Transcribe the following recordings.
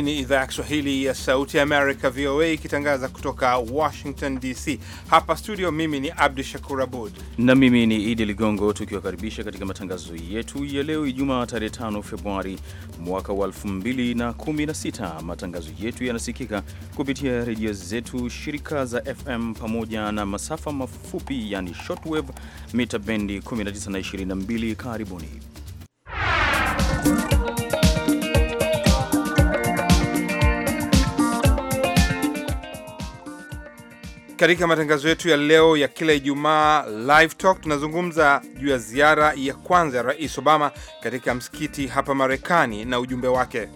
Hii ni idhaa ya Kiswahili ya Sauti ya Amerika, VOA, ikitangaza kutoka Washington DC. Hapa studio, mimi ni Abdu Shakur Abud na mimi ni Idi Ligongo, tukiwakaribisha katika matangazo yetu ya leo Ijumaa, tarehe 5 Februari mwaka wa 2016. Matangazo yetu yanasikika kupitia redio zetu shirika za FM pamoja na masafa mafupi, yani shortwave mita bendi 19 na 22. Karibuni Katika matangazo yetu ya leo ya kila Ijumaa, Live Talk, tunazungumza juu ya ziara ya kwanza ya Rais Obama katika msikiti hapa Marekani na ujumbe wake.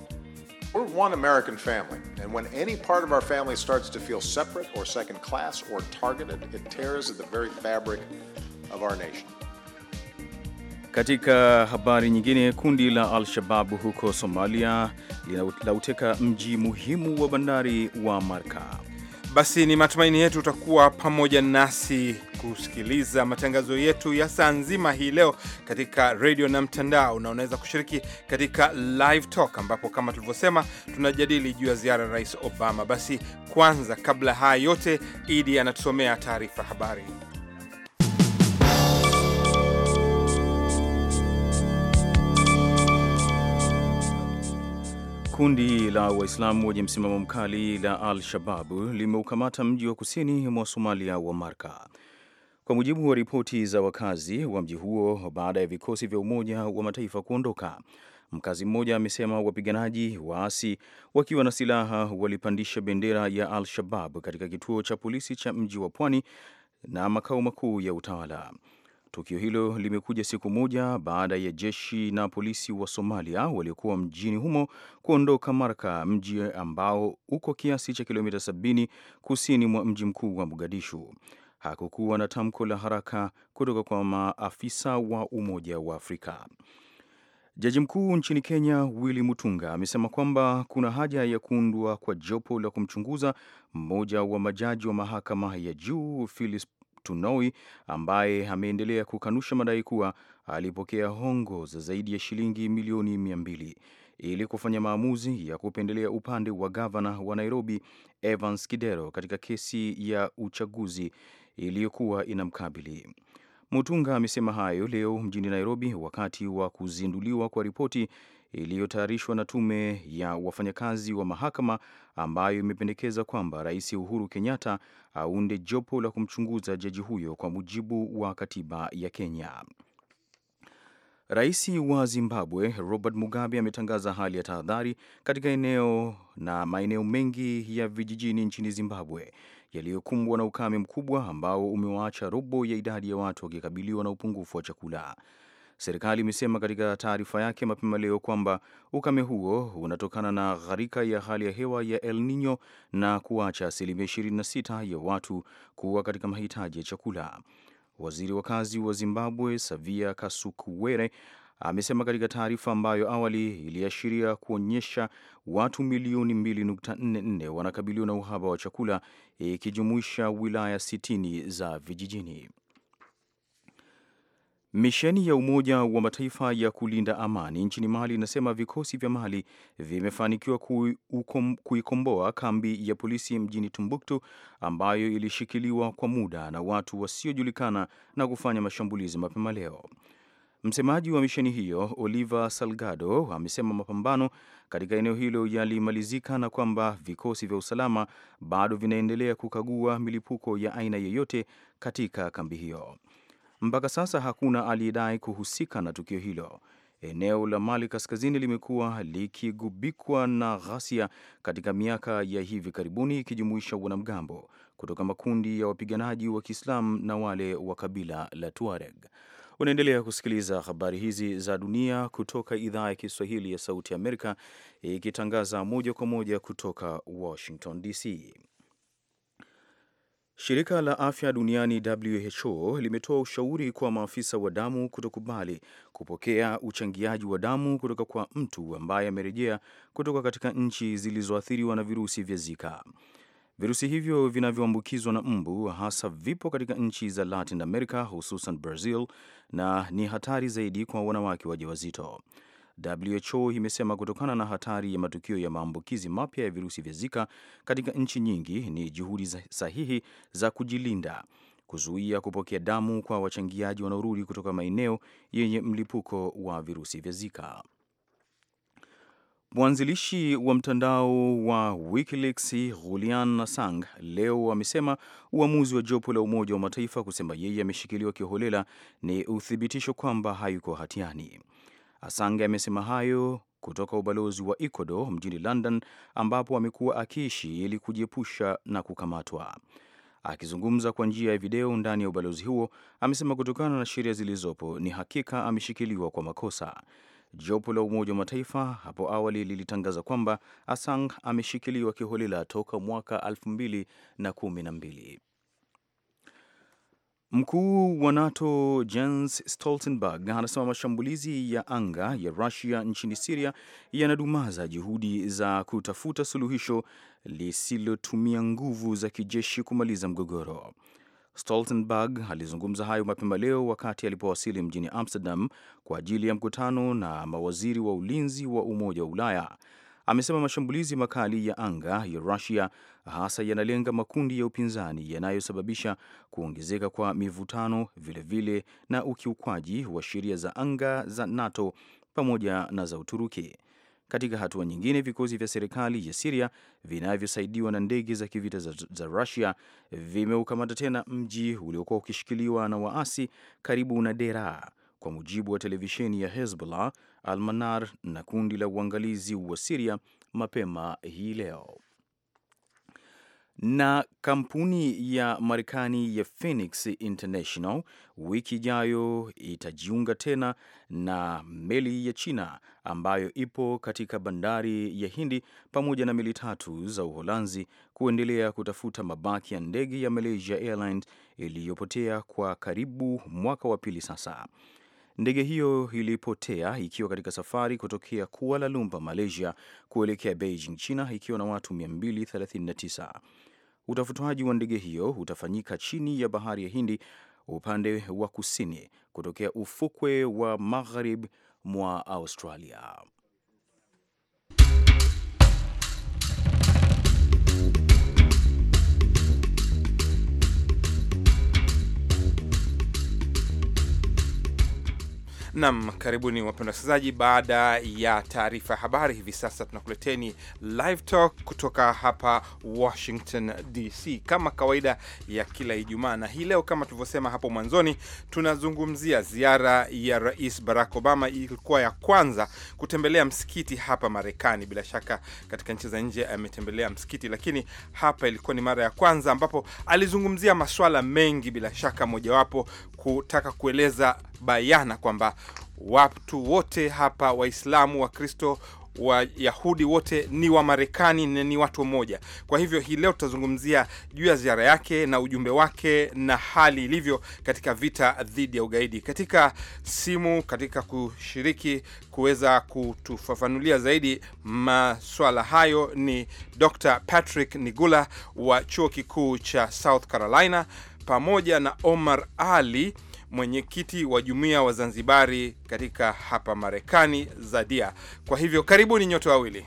Katika habari nyingine, kundi la al shabab huko Somalia linauteka mji muhimu wa bandari wa Marka. Basi ni matumaini yetu utakuwa pamoja nasi kusikiliza matangazo yetu ya saa nzima hii leo katika redio na mtandao, na unaweza kushiriki katika live talk, ambapo kama tulivyosema tunajadili juu ya ziara ya Rais Obama. Basi kwanza, kabla haya yote, Idi anatusomea taarifa habari. Kundi la Waislamu wenye msimamo mkali la al shabab limeukamata mji wa kusini mwa Somalia wa Marka, kwa mujibu wa ripoti za wakazi wa mji huo baada ya vikosi vya Umoja wa Mataifa kuondoka. Mkazi mmoja amesema wapiganaji waasi wakiwa na silaha walipandisha bendera ya Al-Shabab katika kituo cha polisi cha mji wa pwani na makao makuu ya utawala. Tukio hilo limekuja siku moja baada ya jeshi na polisi wa Somalia waliokuwa mjini humo kuondoka Marka, mji ambao uko kiasi cha kilomita 70 kusini mwa mji mkuu wa Mogadishu. Hakukuwa na tamko la haraka kutoka kwa maafisa wa Umoja wa Afrika. Jaji mkuu nchini Kenya Willy Mutunga amesema kwamba kuna haja ya kuundwa kwa jopo la kumchunguza mmoja wa majaji wa mahakama ya juu Tunoi ambaye ameendelea kukanusha madai kuwa alipokea hongo za zaidi ya shilingi milioni mia mbili ili kufanya maamuzi ya kupendelea upande wa gavana wa Nairobi Evans Kidero katika kesi ya uchaguzi iliyokuwa inamkabili. Mutunga amesema hayo leo mjini Nairobi wakati wa kuzinduliwa kwa ripoti iliyotayarishwa na tume ya wafanyakazi wa mahakama ambayo imependekeza kwamba Rais Uhuru Kenyatta aunde jopo la kumchunguza jaji huyo kwa mujibu wa katiba ya Kenya. Rais wa Zimbabwe Robert Mugabe ametangaza hali ya tahadhari katika eneo na maeneo mengi ya vijijini nchini Zimbabwe yaliyokumbwa na ukame mkubwa ambao umewaacha robo ya idadi ya watu wakikabiliwa na upungufu wa chakula. Serikali imesema katika taarifa yake mapema leo kwamba ukame huo unatokana na gharika ya hali ya hewa ya El Nino na kuacha asilimia 26 ya watu kuwa katika mahitaji ya chakula. Waziri wa kazi wa Zimbabwe Savia Kasukuwere amesema katika taarifa ambayo awali iliashiria kuonyesha watu milioni 2.44 wanakabiliwa na uhaba wa chakula ikijumuisha wilaya 60 za vijijini. Misheni ya Umoja wa Mataifa ya kulinda amani nchini Mali inasema vikosi vya Mali vimefanikiwa kuikomboa kambi ya polisi mjini tumbuktu ambayo ilishikiliwa kwa muda na watu wasiojulikana na kufanya mashambulizi mapema leo. Msemaji wa misheni hiyo Oliver Salgado amesema mapambano katika eneo hilo yalimalizika na kwamba vikosi vya usalama bado vinaendelea kukagua milipuko ya aina yoyote katika kambi hiyo. Mpaka sasa hakuna aliyedai kuhusika na tukio hilo. Eneo la Mali kaskazini limekuwa likigubikwa na ghasia katika miaka ya hivi karibuni, ikijumuisha wanamgambo kutoka makundi ya wapiganaji wa Kiislamu na wale wa kabila la Tuareg. Unaendelea kusikiliza habari hizi za dunia kutoka idhaa ya Kiswahili ya Sauti ya Amerika, ikitangaza moja kwa moja kutoka Washington DC. Shirika la Afya Duniani WHO limetoa ushauri kwa maafisa wa damu kutokubali kupokea uchangiaji wa damu kutoka kwa mtu ambaye amerejea kutoka katika nchi zilizoathiriwa na virusi vya Zika. Virusi hivyo vinavyoambukizwa na mbu hasa vipo katika nchi za Latin America, hususan Brazil, na ni hatari zaidi kwa wanawake wajawazito. WHO imesema kutokana na hatari ya matukio ya maambukizi mapya ya virusi vya Zika katika nchi nyingi, ni juhudi sahihi za kujilinda kuzuia kupokea damu kwa wachangiaji wanaorudi kutoka maeneo yenye mlipuko wa virusi vya Zika. Mwanzilishi wa mtandao wa WikiLeaks Julian Assange leo amesema uamuzi wa jopo la Umoja wa Mataifa kusema yeye ameshikiliwa kiholela ni uthibitisho kwamba hayuko hatiani. Asange amesema hayo kutoka ubalozi wa Ecuador mjini London ambapo amekuwa akiishi ili kujiepusha na kukamatwa. Akizungumza kwa njia ya video ndani ya ubalozi huo, amesema kutokana na sheria zilizopo ni hakika ameshikiliwa kwa makosa. Jopo la Umoja wa Mataifa hapo awali lilitangaza kwamba Assange ameshikiliwa kiholela toka mwaka 2012. Mkuu wa NATO Jens Stoltenberg anasema mashambulizi ya anga ya Rusia nchini Siria yanadumaza juhudi za kutafuta suluhisho lisilotumia nguvu za kijeshi kumaliza mgogoro. Stoltenberg alizungumza hayo mapema leo wakati alipowasili mjini Amsterdam kwa ajili ya mkutano na mawaziri wa ulinzi wa Umoja wa Ulaya. Amesema mashambulizi makali ya anga ya Rusia hasa yanalenga makundi ya upinzani yanayosababisha kuongezeka kwa mivutano, vilevile vile na ukiukwaji wa sheria za anga za NATO pamoja na za Uturuki. Katika hatua nyingine, vikosi vya serikali ya Siria vinavyosaidiwa na ndege za kivita za, za Rusia vimeukamata tena mji uliokuwa ukishikiliwa na waasi karibu na Dera, kwa mujibu wa televisheni ya Hezbollah, Almanar na kundi la uangalizi wa Siria mapema hii leo. Na kampuni ya Marekani ya Phoenix International wiki ijayo itajiunga tena na meli ya China ambayo ipo katika bandari ya Hindi pamoja na meli tatu za Uholanzi kuendelea kutafuta mabaki ya ndege ya Malaysia Airlines iliyopotea kwa karibu mwaka wa pili sasa. Ndege hiyo ilipotea ikiwa katika safari kutokea Kuala Lumpur, Malaysia kuelekea Beijing, China ikiwa na watu 239. Utafutaji wa ndege hiyo utafanyika chini ya bahari ya Hindi upande wa kusini kutokea ufukwe wa magharibi mwa Australia. Nam, karibuni wapenda wasikilizaji. Baada ya taarifa ya habari, hivi sasa tunakuleteni live talk kutoka hapa Washington DC, kama kawaida ya kila Ijumaa. Na hii leo kama tulivyosema hapo mwanzoni, tunazungumzia ziara ya Rais Barack Obama, ilikuwa ya kwanza kutembelea msikiti hapa Marekani. Bila shaka katika nchi za nje ametembelea msikiti, lakini hapa ilikuwa ni mara ya kwanza ambapo alizungumzia maswala mengi, bila shaka mojawapo kutaka kueleza bayana kwamba watu wote hapa, Waislamu, Wakristo, Wayahudi wote ni Wamarekani na ni watu mmoja. Kwa hivyo hii leo tutazungumzia juu ya ziara yake na ujumbe wake na hali ilivyo katika vita dhidi ya ugaidi. Katika simu, katika kushiriki kuweza kutufafanulia zaidi maswala hayo ni Dr. Patrick Nigula wa Chuo Kikuu cha South Carolina pamoja na Omar Ali mwenyekiti wa jumuiya wa Zanzibari katika hapa Marekani, Zadia. Kwa hivyo karibuni nyote wawili,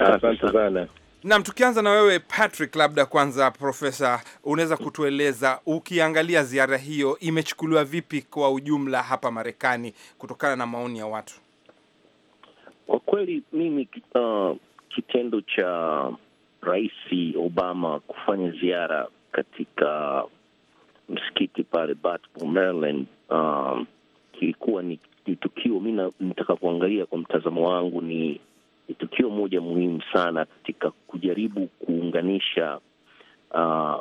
asante sana. Naam, tukianza na wewe Patrick, labda kwanza, Profesa, unaweza kutueleza ukiangalia ziara hiyo imechukuliwa vipi kwa ujumla hapa Marekani kutokana na maoni ya watu? Kwa kweli mimi uh, kitendo cha Rais Obama kufanya ziara katika msikiti pale Maryland. Um, kilikuwa ni, ni tukio mi nitaka kuangalia kwa mtazamo wangu ni, ni tukio moja muhimu sana katika kujaribu kuunganisha uh,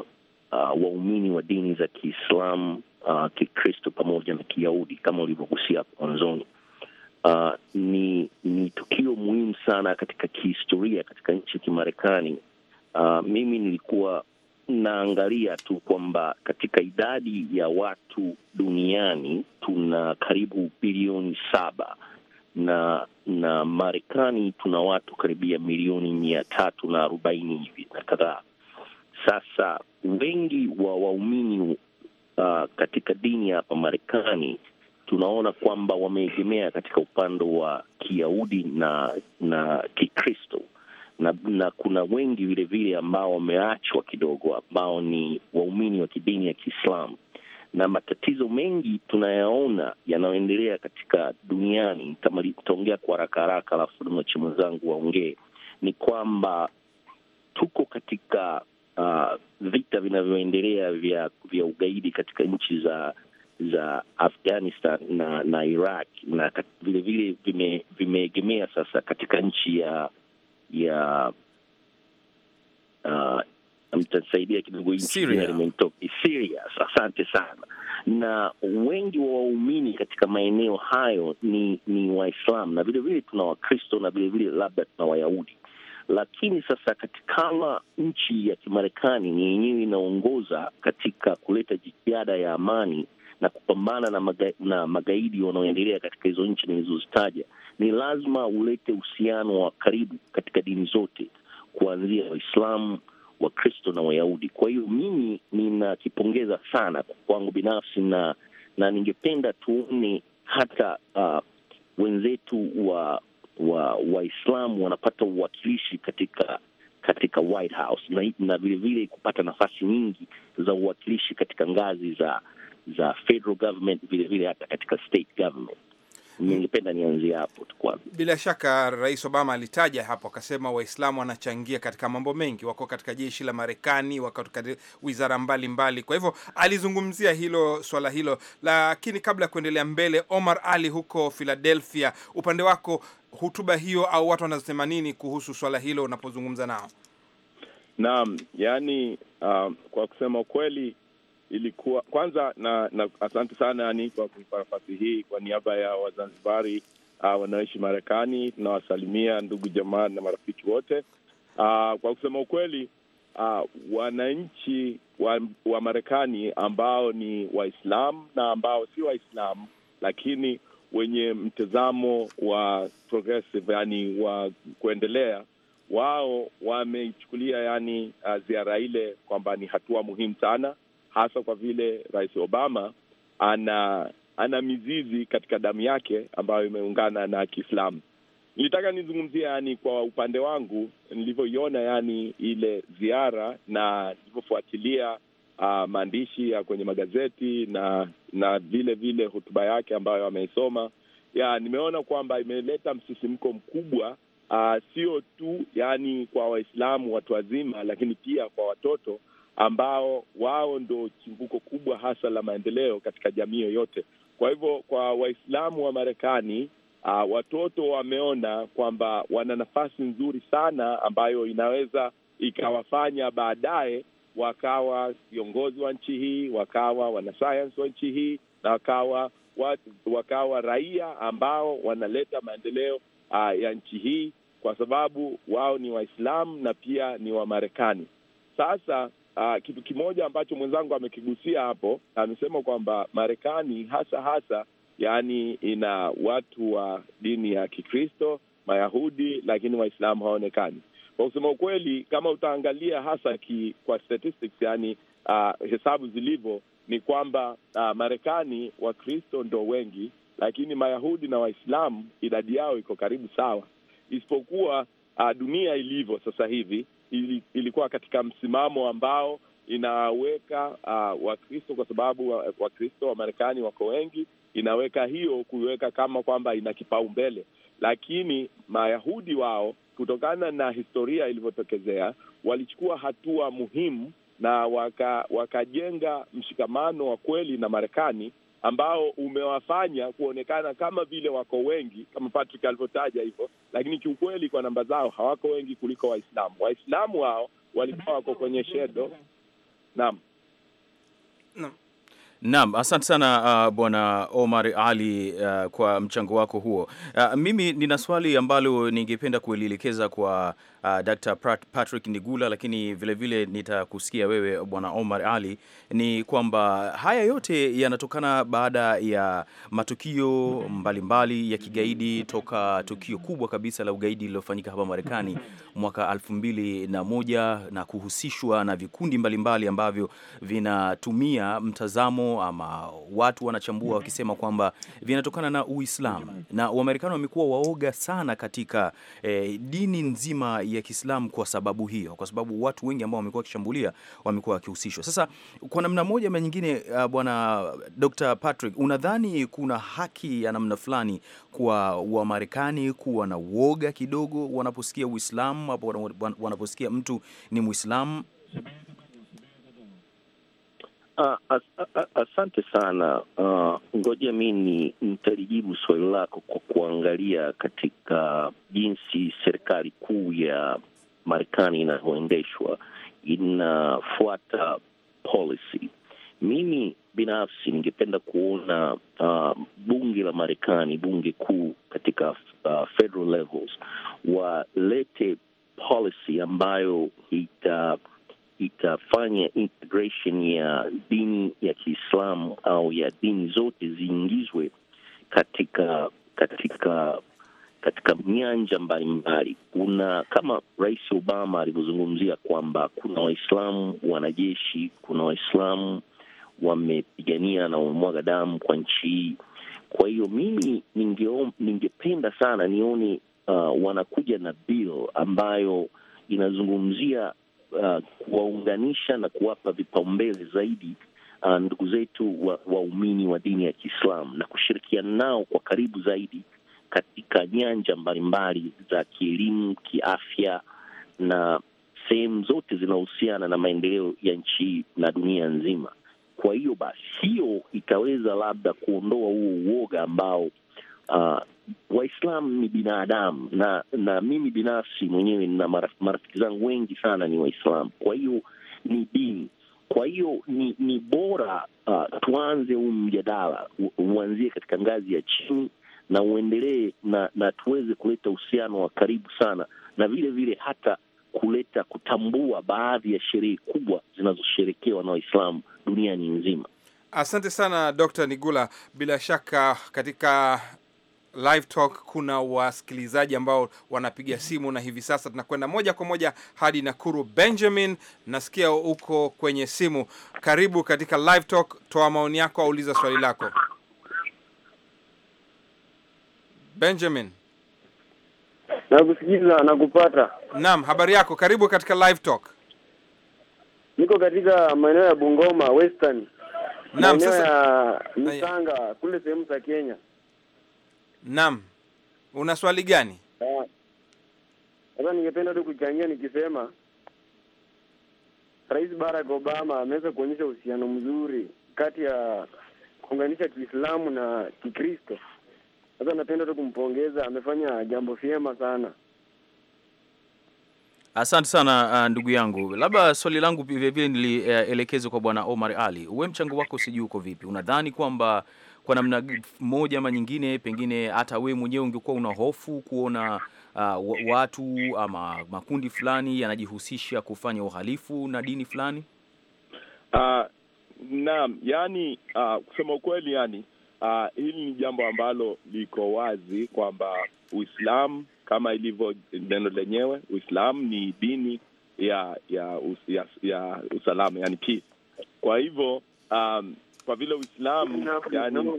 uh, waumini wa dini za Kiislamu uh, Kikristo pamoja na Kiyahudi kama ulivyogusia hapo mwanzoni. Uh, ni ni tukio muhimu sana katika kihistoria katika nchi ya Kimarekani. Uh, mimi nilikuwa naangalia tu kwamba katika idadi ya watu duniani tuna karibu bilioni saba na na Marekani tuna watu karibia milioni mia tatu na arobaini hivi na kadhaa. Sasa wengi wa waumini uh, katika dini hapa Marekani tunaona kwamba wameegemea katika upande wa Kiyahudi na na Kikristo na, na kuna wengi vilevile ambao wameachwa kidogo, ambao ni waumini wa kidini ya Kiislamu na matatizo mengi tunayaona yanayoendelea katika duniani, nitaongea kwa haraka haraka, alafu mwache mwenzangu waongee, ni kwamba tuko katika uh, vita vinavyoendelea vya vya ugaidi katika nchi za za Afghanistan na na Iraq na vilevile vimeegemea vime sasa katika nchi ya ya uh, mtasaidia kidogo, Syria. Asante sana. Na wengi wa waumini katika maeneo hayo ni ni Waislam na vilevile tuna Wakristo na vilevile labda tuna Wayahudi, lakini sasa katikama nchi ya Kimarekani ni yenyewe inaongoza katika kuleta jitihada ya amani na kupambana na, maga, na magaidi wanaoendelea katika hizo nchi nilizozitaja, ni lazima ulete uhusiano wa karibu katika dini zote kuanzia Waislamu, Wakristo na Wayahudi. Kwa hiyo mimi ninakipongeza sana kwangu binafsi, na na ningependa tuone hata uh, wenzetu wa wa Waislamu wanapata uwakilishi katika katika White House na vilevile kupata nafasi nyingi za uwakilishi katika ngazi za za federal government, vile vile hata katika state government. Ningependa nianzie hapo tu kwanza. Bila shaka Rais Obama alitaja hapo, akasema Waislamu wanachangia katika mambo mengi, wako katika jeshi la Marekani, wako katika wizara mbalimbali mbali. Kwa hivyo alizungumzia hilo swala hilo, lakini kabla ya kuendelea mbele, Omar Ali huko Philadelphia, upande wako hotuba hiyo au watu wanasema nini kuhusu swala hilo unapozungumza nao? Naam, yani uh, kwa kusema kweli ilikuwa kwanza na, na asante sana yani kwa kuipa nafasi hii. Kwa niaba ya Wazanzibari uh, wanaoishi Marekani tunawasalimia ndugu jamaa na marafiki wote. Uh, kwa kusema ukweli uh, wananchi wa, wa Marekani ambao ni waislam na ambao si waislam lakini wenye mtazamo wa progressive, yani wa kuendelea wao wameichukulia yani uh, ziara ile kwamba ni hatua muhimu sana hasa kwa vile Rais Obama ana ana mizizi katika damu yake ambayo imeungana na Kiislamu. Nilitaka nizungumzia yani, kwa upande wangu nilivyoiona yani ile ziara na nilivyofuatilia uh, maandishi ya kwenye magazeti na na vile vile hotuba yake ambayo ameisoma ya, nimeona kwamba imeleta msisimko mkubwa ah, sio tu yani kwa Waislamu watu wazima, lakini pia kwa watoto ambao wao ndo chimbuko kubwa hasa la maendeleo katika jamii yoyote. Kwa hivyo kwa Waislamu wa Marekani uh, watoto wameona kwamba wana nafasi nzuri sana ambayo inaweza ikawafanya baadaye wakawa viongozi wa nchi hii, wakawa wanasayansi wa nchi hii na wakawa wakawa raia ambao wanaleta maendeleo uh, ya nchi hii, kwa sababu wao ni Waislamu na pia ni Wamarekani. Sasa uh, kitu kimoja ambacho mwenzangu amekigusia hapo, amesema kwamba Marekani hasa hasa yaani ina watu wa dini ya Kikristo, Mayahudi, lakini Waislamu hawaonekani. Kwa kusema ukweli, kama utaangalia hasa ki, kwa statistics yani uh, ah, hesabu zilivyo ni kwamba uh, Marekani Wakristo ndo wengi, lakini Mayahudi na Waislamu idadi yao iko karibu sawa, isipokuwa uh, dunia ilivyo sasa hivi ili, ilikuwa katika msimamo ambao inaweka uh, Wakristo kwa sababu ah, Wakristo wa Marekani wako wengi, inaweka hiyo kuiweka kama kwamba ina kipaumbele, lakini Mayahudi wao kutokana na historia ilivyotokezea walichukua hatua muhimu na wakajenga waka mshikamano wa kweli na Marekani ambao umewafanya kuonekana kama vile wako wengi kama Patrick alivyotaja hivyo, lakini kiukweli kwa namba zao hawako wengi kuliko Waislamu. Waislamu hao walikuwa wako kwenye shedo. Naam, naam. Naam, asante sana uh, Bwana Omar Ali uh, kwa mchango wako huo. Uh, mimi nina swali ambalo ningependa kulielekeza kwa uh, Dr. Patrick Nigula, lakini vilevile nitakusikia wewe Bwana Omar Ali, ni kwamba haya yote yanatokana baada ya matukio mbalimbali mbali ya kigaidi toka tukio kubwa kabisa la ugaidi lililofanyika hapa Marekani mwaka elfu mbili na moja na kuhusishwa na vikundi mbalimbali mbali ambavyo vinatumia mtazamo ama watu wanachambua wakisema kwamba vinatokana na Uislamu na Wamarekani wamekuwa waoga sana katika eh, dini nzima ya Kiislamu kwa sababu hiyo, kwa sababu watu wengi ambao wamekuwa wakishambulia wamekuwa wakihusishwa. Sasa kwa namna moja ama nyingine, uh, bwana Dr. Patrick, unadhani kuna haki ya namna fulani kwa Wamarekani kuwa na uoga kidogo wanaposikia Uislamu hapo, wanaposikia mtu ni Mwislamu? Ah, asante sana. Ah, ngoja uh, mi nitalijibu swali lako kwa kuangalia katika jinsi serikali kuu ya Marekani inavyoendeshwa inafuata policy. Mimi binafsi ningependa kuona uh, bunge la Marekani, bunge kuu katika uh, federal levels walete policy ambayo ita uh, itafanya integration ya dini ya Kiislamu au ya dini zote ziingizwe katika katika katika nyanja mbalimbali. Kuna kama Rais Obama alivyozungumzia kwamba kuna Waislamu wanajeshi, kuna Waislamu wamepigania na wamemwaga damu kwa nchi hii. Kwa hiyo mimi ninge, ningependa sana nione uh, wanakuja na bill ambayo inazungumzia Uh, kuwaunganisha na kuwapa vipaumbele zaidi uh, ndugu zetu waumini wa, wa dini ya Kiislamu na kushirikiana nao kwa karibu zaidi katika nyanja mbalimbali za kielimu, kiafya na sehemu zote zinahusiana na maendeleo ya nchi na dunia nzima. Kwa hiyo basi, hiyo itaweza labda kuondoa huo uoga ambao uh, waislam ni binadamu, na na mimi binafsi mwenyewe nina marafiki zangu wengi sana ni waislam kwa hiyo ni dini. Kwa hiyo ni ni bora uh, tuanze huu mjadala uanzie katika ngazi ya chini na uendelee na na tuweze kuleta uhusiano wa karibu sana, na vile vile hata kuleta kutambua baadhi ya sherehe kubwa zinazosherekewa na Waislamu duniani nzima. Asante sana Dr. Nigula, bila shaka katika live talk kuna wasikilizaji ambao wanapiga mhm. simu, na hivi sasa tunakwenda moja kwa moja hadi Nakuru. Benjamin, nasikia uko kwenye simu, karibu katika live talk, toa maoni yako, auliza swali lako. Benjamin, nakusikiza nakupata. Naam, habari yako, karibu katika live talk. Niko katika maeneo ya Bungoma Western, sasa ya Mtanga kule sehemu za Kenya. Naam, una swali gani? Sasa ah, ningependa tu kuchangia nikisema Rais Barack Obama ameweza kuonyesha uhusiano mzuri kati ya kuunganisha Kiislamu na Kikristo. Sasa napenda tu kumpongeza, amefanya jambo vyema sana. Asante sana ah, ndugu yangu. Labda swali langu vilevile nilielekezwa eh, kwa Bwana Omar Ali, uwe mchango wako sijui uko vipi, unadhani kwamba kwa namna moja ama nyingine, pengine hata wewe mwenyewe ungekuwa una hofu kuona uh, watu ama makundi fulani yanajihusisha kufanya uhalifu na dini fulani? Uh, naam, yani uh, kusema ukweli yani Uh, hili ni jambo ambalo liko wazi kwamba Uislamu kama ilivyo neno lenyewe, Uislamu ni dini ya ya, ya, ya usalama yani Kwa hivyo um, kwa vile Uislamu yani,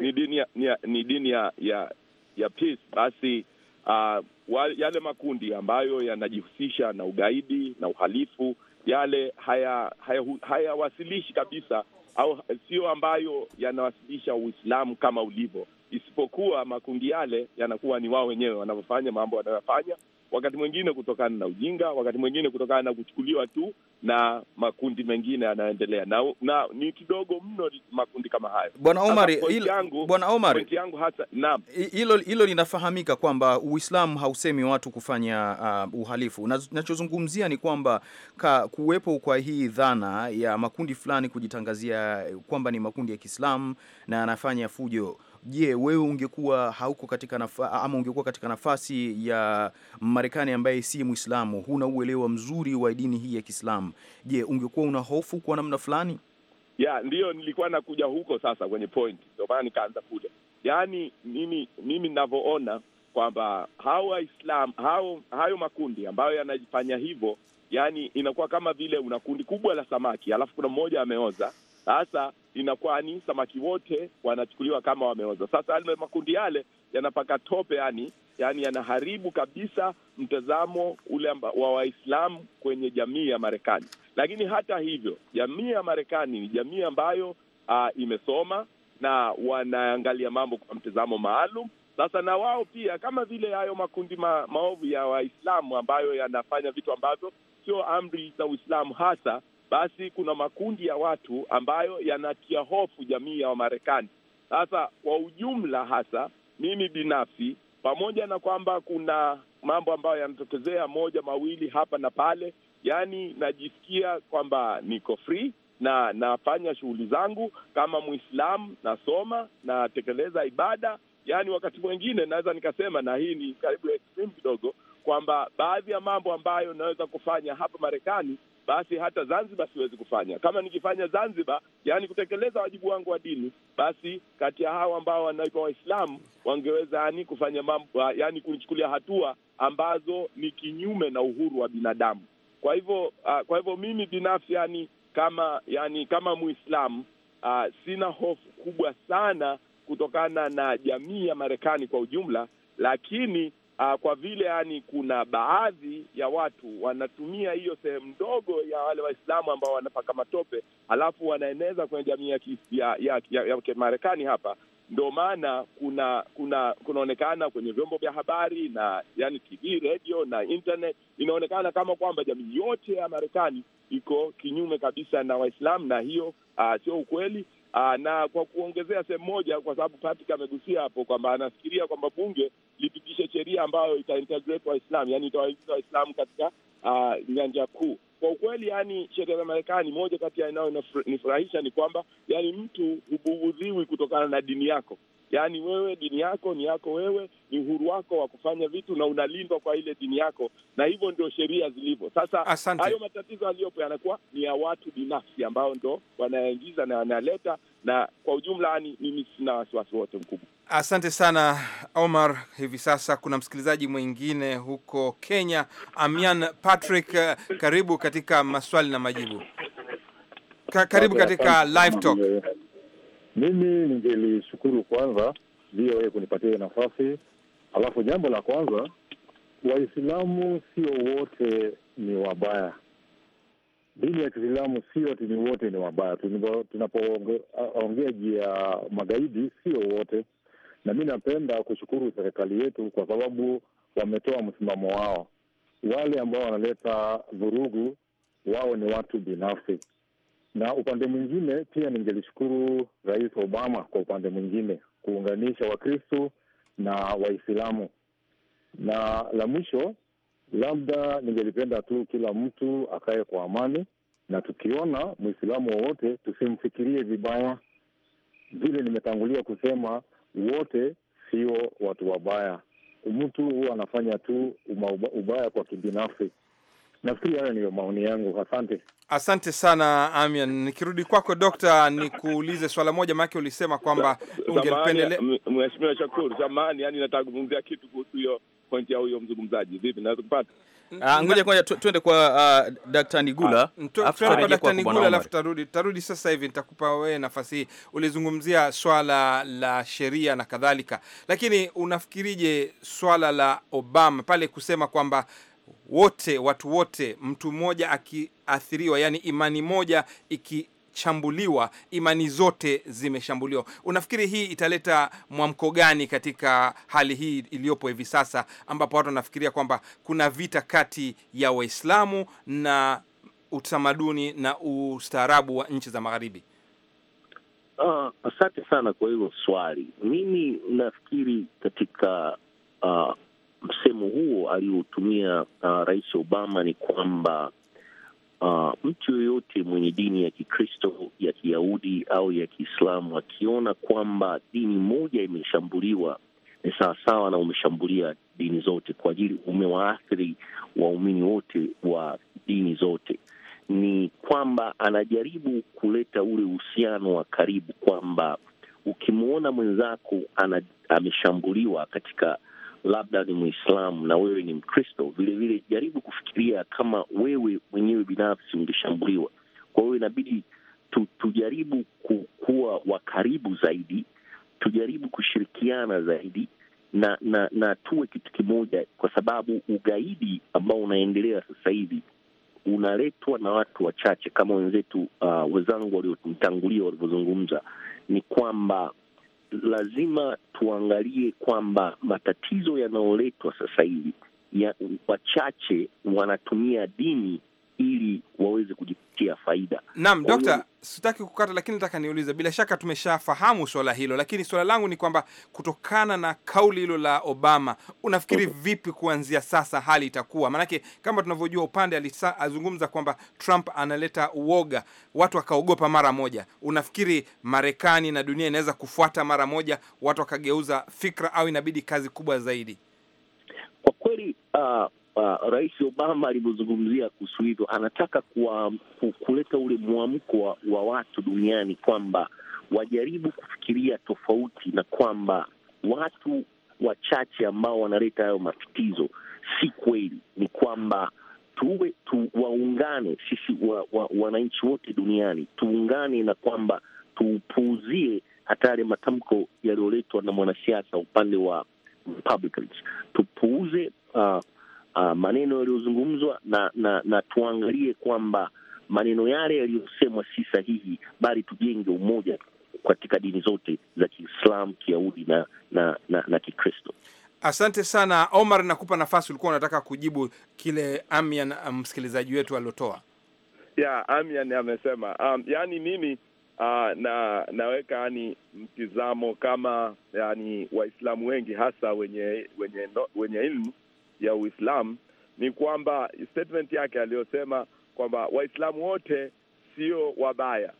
ni dini ya, ni, ni dini ya, ya, ya peace basi uh, ah, wale, yale makundi ambayo yanajihusisha na ugaidi na uhalifu yale hayawasilishi haya, haya kabisa au sio ambayo yanawasilisha Uislamu kama ulivyo, isipokuwa makundi yale yanakuwa ni wao wenyewe wanavyofanya mambo wanayofanya, wakati mwingine kutokana na ujinga, wakati mwingine kutokana na kuchukuliwa tu na makundi mengine yanayoendelea na, na ni kidogo mno makundi kama hayo. Bwana Omar, Bwana Omar, yangu hasa naam, hilo hilo linafahamika kwamba Uislamu hausemi watu kufanya uh, uhalifu. Nachozungumzia ni kwamba ka, kuwepo kwa hii dhana ya makundi fulani kujitangazia kwamba ni makundi ya Kiislamu na anafanya fujo Je, wewe ungekuwa hauko katika nafa, ama ungekuwa katika nafasi ya Marekani ambaye si Muislamu, huna uelewa mzuri wa dini hii ya Kiislamu, je, ungekuwa una hofu kwa namna fulani? Ya, ndiyo nilikuwa nakuja huko sasa kwenye point, ndio maana nikaanza kuja Yaani mimi mimi ninavyoona kwamba hao Waislam hao hayo makundi ambayo yanajifanya hivyo, yani inakuwa kama vile una kundi kubwa la samaki, alafu kuna mmoja ameoza. Sasa inakuwa ni samaki wote wanachukuliwa kama wameoza. Sasa yale makundi yale yanapaka tope, yani yani yanaharibu kabisa mtazamo ule wa Waislamu kwenye jamii ya Marekani. Lakini hata hivyo, jamii ya Marekani ni jamii ambayo uh, imesoma na wanaangalia mambo kwa mtazamo maalum. Sasa na wao pia kama vile hayo makundi ma, maovu ya Waislamu ambayo yanafanya vitu ambavyo sio amri za Uislamu hasa basi kuna makundi ya watu ambayo yanatia hofu jamii ya Wamarekani. Sasa kwa ujumla, hasa mimi binafsi, pamoja na kwamba kuna mambo ambayo yanatokezea moja mawili hapa na pale, yani najisikia kwamba niko free na nafanya shughuli zangu kama Mwislamu, nasoma, natekeleza ibada. yani wakati mwingine naweza nikasema, na hii ni karibu extreme kidogo, kwamba baadhi ya mambo ambayo naweza kufanya hapa Marekani basi hata Zanzibar siwezi kufanya. Kama nikifanya Zanzibar, yani kutekeleza wajibu wangu wa dini, basi kati ya hawa ambao wanaitwa Waislamu wangeweza yani kufanya mambo, yani kunichukulia hatua ambazo ni kinyume na uhuru wa binadamu. Kwa hivyo uh, kwa hivyo mimi binafsi yani kama yani kama Muislamu uh, sina hofu kubwa sana kutokana na jamii ya Marekani kwa ujumla, lakini uh, kwa vile yani kuna baadhi ya watu wanatumia hiyo sehemu ndogo ya wale Waislamu ambao wanapaka matope, halafu wanaeneza kwenye jamii ya, ya, ya, ya, ya hapa ndo maana kuna kuna kunaonekana kwenye vyombo vya habari na yani TV, radio na internet, inaonekana kama kwamba jamii yote ya Marekani iko kinyume kabisa na Waislamu, na hiyo uh, sio ukweli. Aa, ah, na kwa kuongezea sehemu moja, kwa sababu Patrick amegusia hapo kwamba anafikiria kwamba bunge lipitishe sheria ambayo ita Waislamu, yani itawaingiza Waislamu katika uh, nyanja kuu. Kwa ukweli, yani sheria za Marekani, moja kati ya inayonifurahisha ni kwamba yani mtu hubughudhiwi kutokana na dini yako. yani wewe dini yako ni yako wewe, ni uhuru wako wa kufanya vitu na unalindwa kwa ile dini yako, na hivyo ndio sheria zilivyo. Sasa asante. Hayo matatizo aliyopo yanakuwa ni ya watu binafsi ambao ndo wanayaingiza na wanayaleta, na kwa ujumla, yani mimi sina wasiwasi wote mkubwa. Asante sana Omar. Hivi sasa kuna msikilizaji mwingine huko Kenya, Amian Patrick, karibu katika maswali na majibu. Ka, karibu katika live talk. Mimi ningelishukuru kwanza VOA kunipatia nafasi, alafu jambo la kwanza, Waislamu sio wote ni wabaya. Dini ya Kiislamu sio ati ni wote ni wabaya. Tunapoongea uh, juu ya magaidi, sio wote na mi napenda kushukuru serikali yetu kwa sababu wametoa msimamo wao. Wale ambao wanaleta vurugu wao ni watu binafsi, na upande mwingine pia ningelishukuru Rais Obama kwa upande mwingine kuunganisha Wakristo na Waislamu. Na la mwisho, labda ningelipenda tu kila mtu akae kwa amani, na tukiona Mwislamu wowote tusimfikirie vibaya. Vile nimetangulia kusema, wote sio watu wabaya. Mtu huwa anafanya tu ubaya kwa kibinafsi. Nafikiri hayo ndiyo maoni yangu, asante. Asante sana Amian, nikirudi kwako Dokta, nikuulize swala moja, maanake ulisema kwamba ungelipendelea. Mheshimiwa Shakuru, samahani, yani nataka kuzungumzia kitu kuhusu hiyo pointi ya huyo mzungumzaji. Vipi, naweza kupata Ah, ngoja kwanza twende kwa ah, Daktari ah, Nigula, alafu tarudi tarudi sasa hivi nitakupa wewe nafasi hii. Ulizungumzia swala la sheria na kadhalika, lakini unafikirije swala la Obama pale kusema kwamba wote watu wote, mtu mmoja akiathiriwa, yani imani moja iki chambuliwa, imani zote zimeshambuliwa. Unafikiri hii italeta mwamko gani katika hali hii iliyopo hivi sasa, ambapo watu wanafikiria kwamba kuna vita kati ya Waislamu na utamaduni na ustaarabu wa nchi za Magharibi? Uh, asante sana kwa hilo swali. Mimi nafikiri katika uh, msemo huo aliotumia uh, ah, Rais Obama ni kwamba Uh, mtu yoyote mwenye dini ya Kikristo, ya Kiyahudi au ya Kiislamu akiona kwamba dini moja imeshambuliwa ni sawasawa na umeshambulia dini zote, kwa ajili umewaathiri waumini wote wa dini zote. Ni kwamba anajaribu kuleta ule uhusiano wa karibu, kwamba ukimwona mwenzako ana, ameshambuliwa katika labda ni Mwislamu na wewe ni Mkristo, vilevile jaribu kufikiria kama wewe mwenyewe binafsi ungeshambuliwa. Kwa hiyo inabidi tu, tujaribu kuwa wa karibu zaidi, tujaribu kushirikiana zaidi na na na tuwe kitu kimoja, kwa sababu ugaidi ambao unaendelea sasa hivi unaletwa na watu wachache, kama wenzetu uh, wenzangu waliomtangulia walivyozungumza, ni kwamba lazima tuangalie kwamba matatizo yanayoletwa sasa hivi ya wachache wanatumia dini ili waweze kujipa kujipatia faida. Naam, dokta, sitaki kukata, lakini nataka niulize, bila shaka tumeshafahamu swala hilo, lakini swala langu ni kwamba kutokana na kauli hilo la Obama, unafikiri -hmm. vipi kuanzia sasa hali itakuwa? Maanake kama tunavyojua, upande azungumza kwamba Trump analeta uoga, watu wakaogopa mara moja. Unafikiri Marekani na dunia inaweza kufuata mara moja, watu wakageuza fikra, au inabidi kazi kubwa zaidi? Kwa kweli uh, uh, Rais Obama alivyozungumzia kuhusu hivyo, anataka kuwa, kuleta ule mwamko wa, wa watu duniani kwamba wajaribu kufikiria tofauti na kwamba watu wachache ambao wanaleta hayo matatizo si kweli, ni kwamba tuwe tu, waungane sisi wa, wa, wananchi wote duniani tuungane, na kwamba tupuuzie hata yale matamko yaliyoletwa na mwanasiasa upande wa Republicans, tupuuze uh, uh, maneno yaliyozungumzwa na, na, na tuangalie kwamba maneno yale yaliyosemwa si sahihi, bali tujenge umoja katika dini zote za Kiislamu, Kiyahudi na, na, na, na Kikristo. Asante sana Omar, nakupa nafasi, ulikuwa unataka kujibu kile Amian um, msikilizaji wetu aliotoa. Yeah, Amian amesema um, yani mimi uh, na naweka yani mtizamo kama yani Waislamu wengi hasa wenye wenye, wenye ilmu ya Uislamu ni kwamba statement yake aliyosema kwamba Waislamu wote sio wabaya.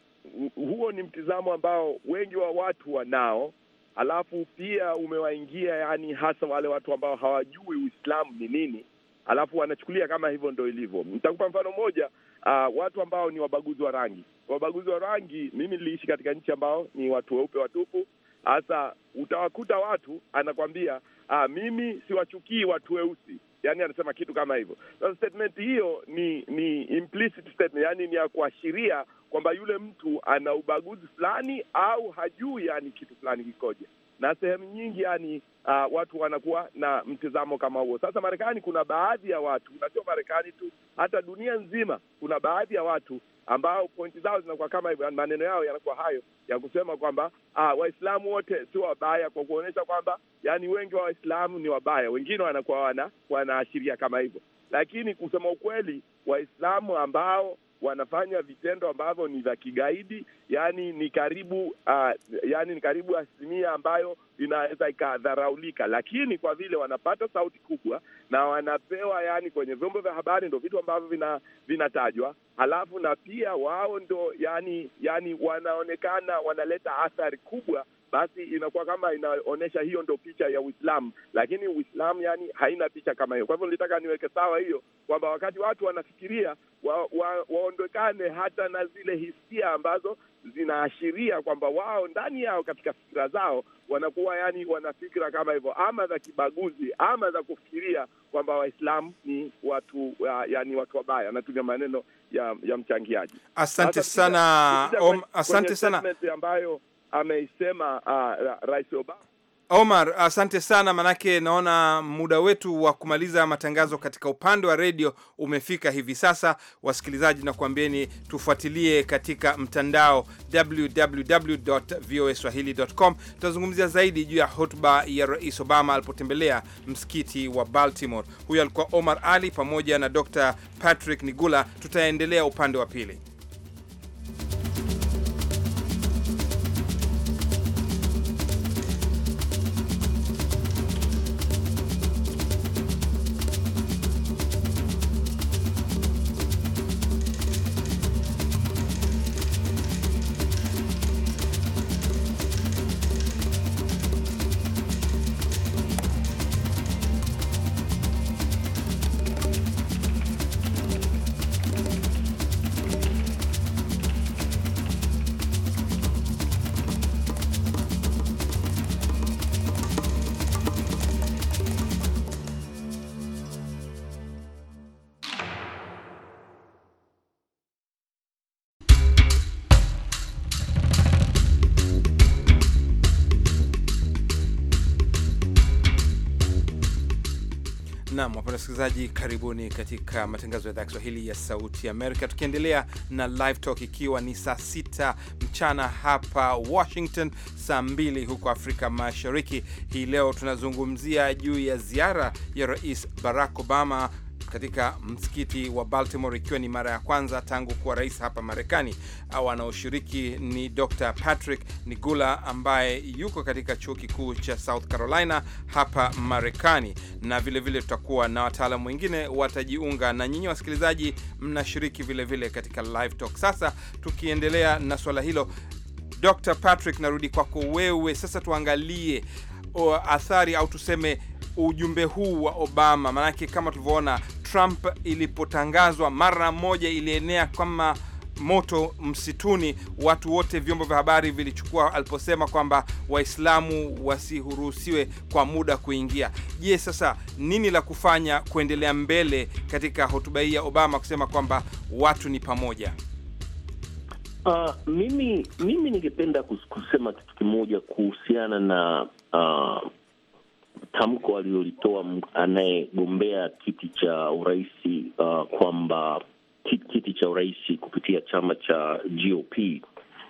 Huo ni mtizamo ambao wengi wa watu wanao, alafu pia umewaingia yani, hasa wale watu ambao hawajui Uislamu ni nini, alafu wanachukulia kama hivyo ndo ilivyo. Nitakupa mfano mmoja. Uh, watu ambao ni wabaguzi wa rangi, wabaguzi wa rangi. Mimi niliishi katika nchi ambao ni watu weupe watupu. hasa utawakuta watu anakwambia ah, mimi siwachukii watu weusi, yani anasema kitu kama hivyo. Sasa statement hiyo ni ni implicit statement, yani ni ya kuashiria kwamba yule mtu ana ubaguzi fulani au hajui yani kitu fulani kikoje na sehemu nyingi yani, uh, ah, watu wanakuwa na mtizamo kama huo. Sasa Marekani kuna baadhi ya watu, na sio Marekani tu, hata dunia nzima, kuna baadhi ya watu ambao pointi zao zinakuwa kama hivyo, yaani maneno yao yanakuwa hayo ya kusema kwamba uh, Waislamu wote sio wabaya, kwa kuonyesha kwamba yani wengi wa Waislamu ni wabaya, wengine wanakuwa wana wanaashiria kama hivyo, lakini kusema ukweli Waislamu ambao wanafanya vitendo ambavyo ni vya kigaidi, yani ni karibu uh, yani ni karibu asilimia ambayo inaweza ikadharaulika, lakini kwa vile wanapata sauti kubwa na wanapewa yani kwenye vyombo vya habari, ndo vitu ambavyo vina, vinatajwa halafu na pia wao ndo yani, yani wanaonekana wanaleta athari kubwa basi inakuwa kama inaonyesha hiyo ndo picha ya Uislamu, lakini Uislamu yani haina picha kama hiyo. Kwa hivyo nilitaka niweke sawa hiyo kwamba wakati watu wanafikiria wa, wa, waondokane hata na zile hisia ambazo zinaashiria kwamba wao ndani yao katika fikira zao wanakuwa yani wanafikira kama hivyo, ama za kibaguzi ama za kufikiria kwamba Waislamu ni watu wa, yani watu wabaya. Anatumia maneno ya, ya mchangiaji. Asante sana, asante sana ambayo ameisema uh, Rais Obama. Omar, asante sana, manake naona muda wetu wa kumaliza matangazo katika upande wa redio umefika hivi sasa. Wasikilizaji, na kuambieni tufuatilie katika mtandao www voa swahilicom Tutazungumzia zaidi juu ya hotuba ya Rais Obama alipotembelea msikiti wa Baltimore. Huyo alikuwa Omar Ali pamoja na Dr. Patrick Nigula. Tutaendelea upande wa pili. Nam, wapenda wasikilizaji, karibuni katika matangazo ya idhaa ya Kiswahili ya Sauti Amerika, tukiendelea na Live Talk ikiwa ni saa sita mchana hapa Washington, saa mbili huko Afrika Mashariki. Hii leo tunazungumzia juu ya ziara ya Rais Barack Obama katika msikiti wa Baltimore, ikiwa ni mara ya kwanza tangu kuwa rais hapa Marekani. Au anaoshiriki ni Dr Patrick Nigula ambaye yuko katika chuo kikuu cha South Carolina hapa Marekani, na vilevile tutakuwa na wataalamu wengine watajiunga na nyinyi. Wasikilizaji, mnashiriki vilevile katika live talk. Sasa tukiendelea na swala hilo, Dr Patrick, narudi kwako wewe sasa, tuangalie athari au tuseme ujumbe huu wa Obama. Maanake kama tulivyoona, Trump ilipotangazwa mara moja ilienea kama moto msituni. Watu wote, vyombo vya habari vilichukua aliposema kwamba Waislamu wasiruhusiwe kwa muda kuingia. Je, sasa nini la kufanya kuendelea mbele katika hotuba hii ya Obama kusema kwamba watu ni pamoja? Uh, mimi mimi ningependa kusema kitu kimoja kuhusiana na uh, tamko alilolitoa anayegombea kiti cha urais uh, kwamba kiti cha urais kupitia chama cha GOP,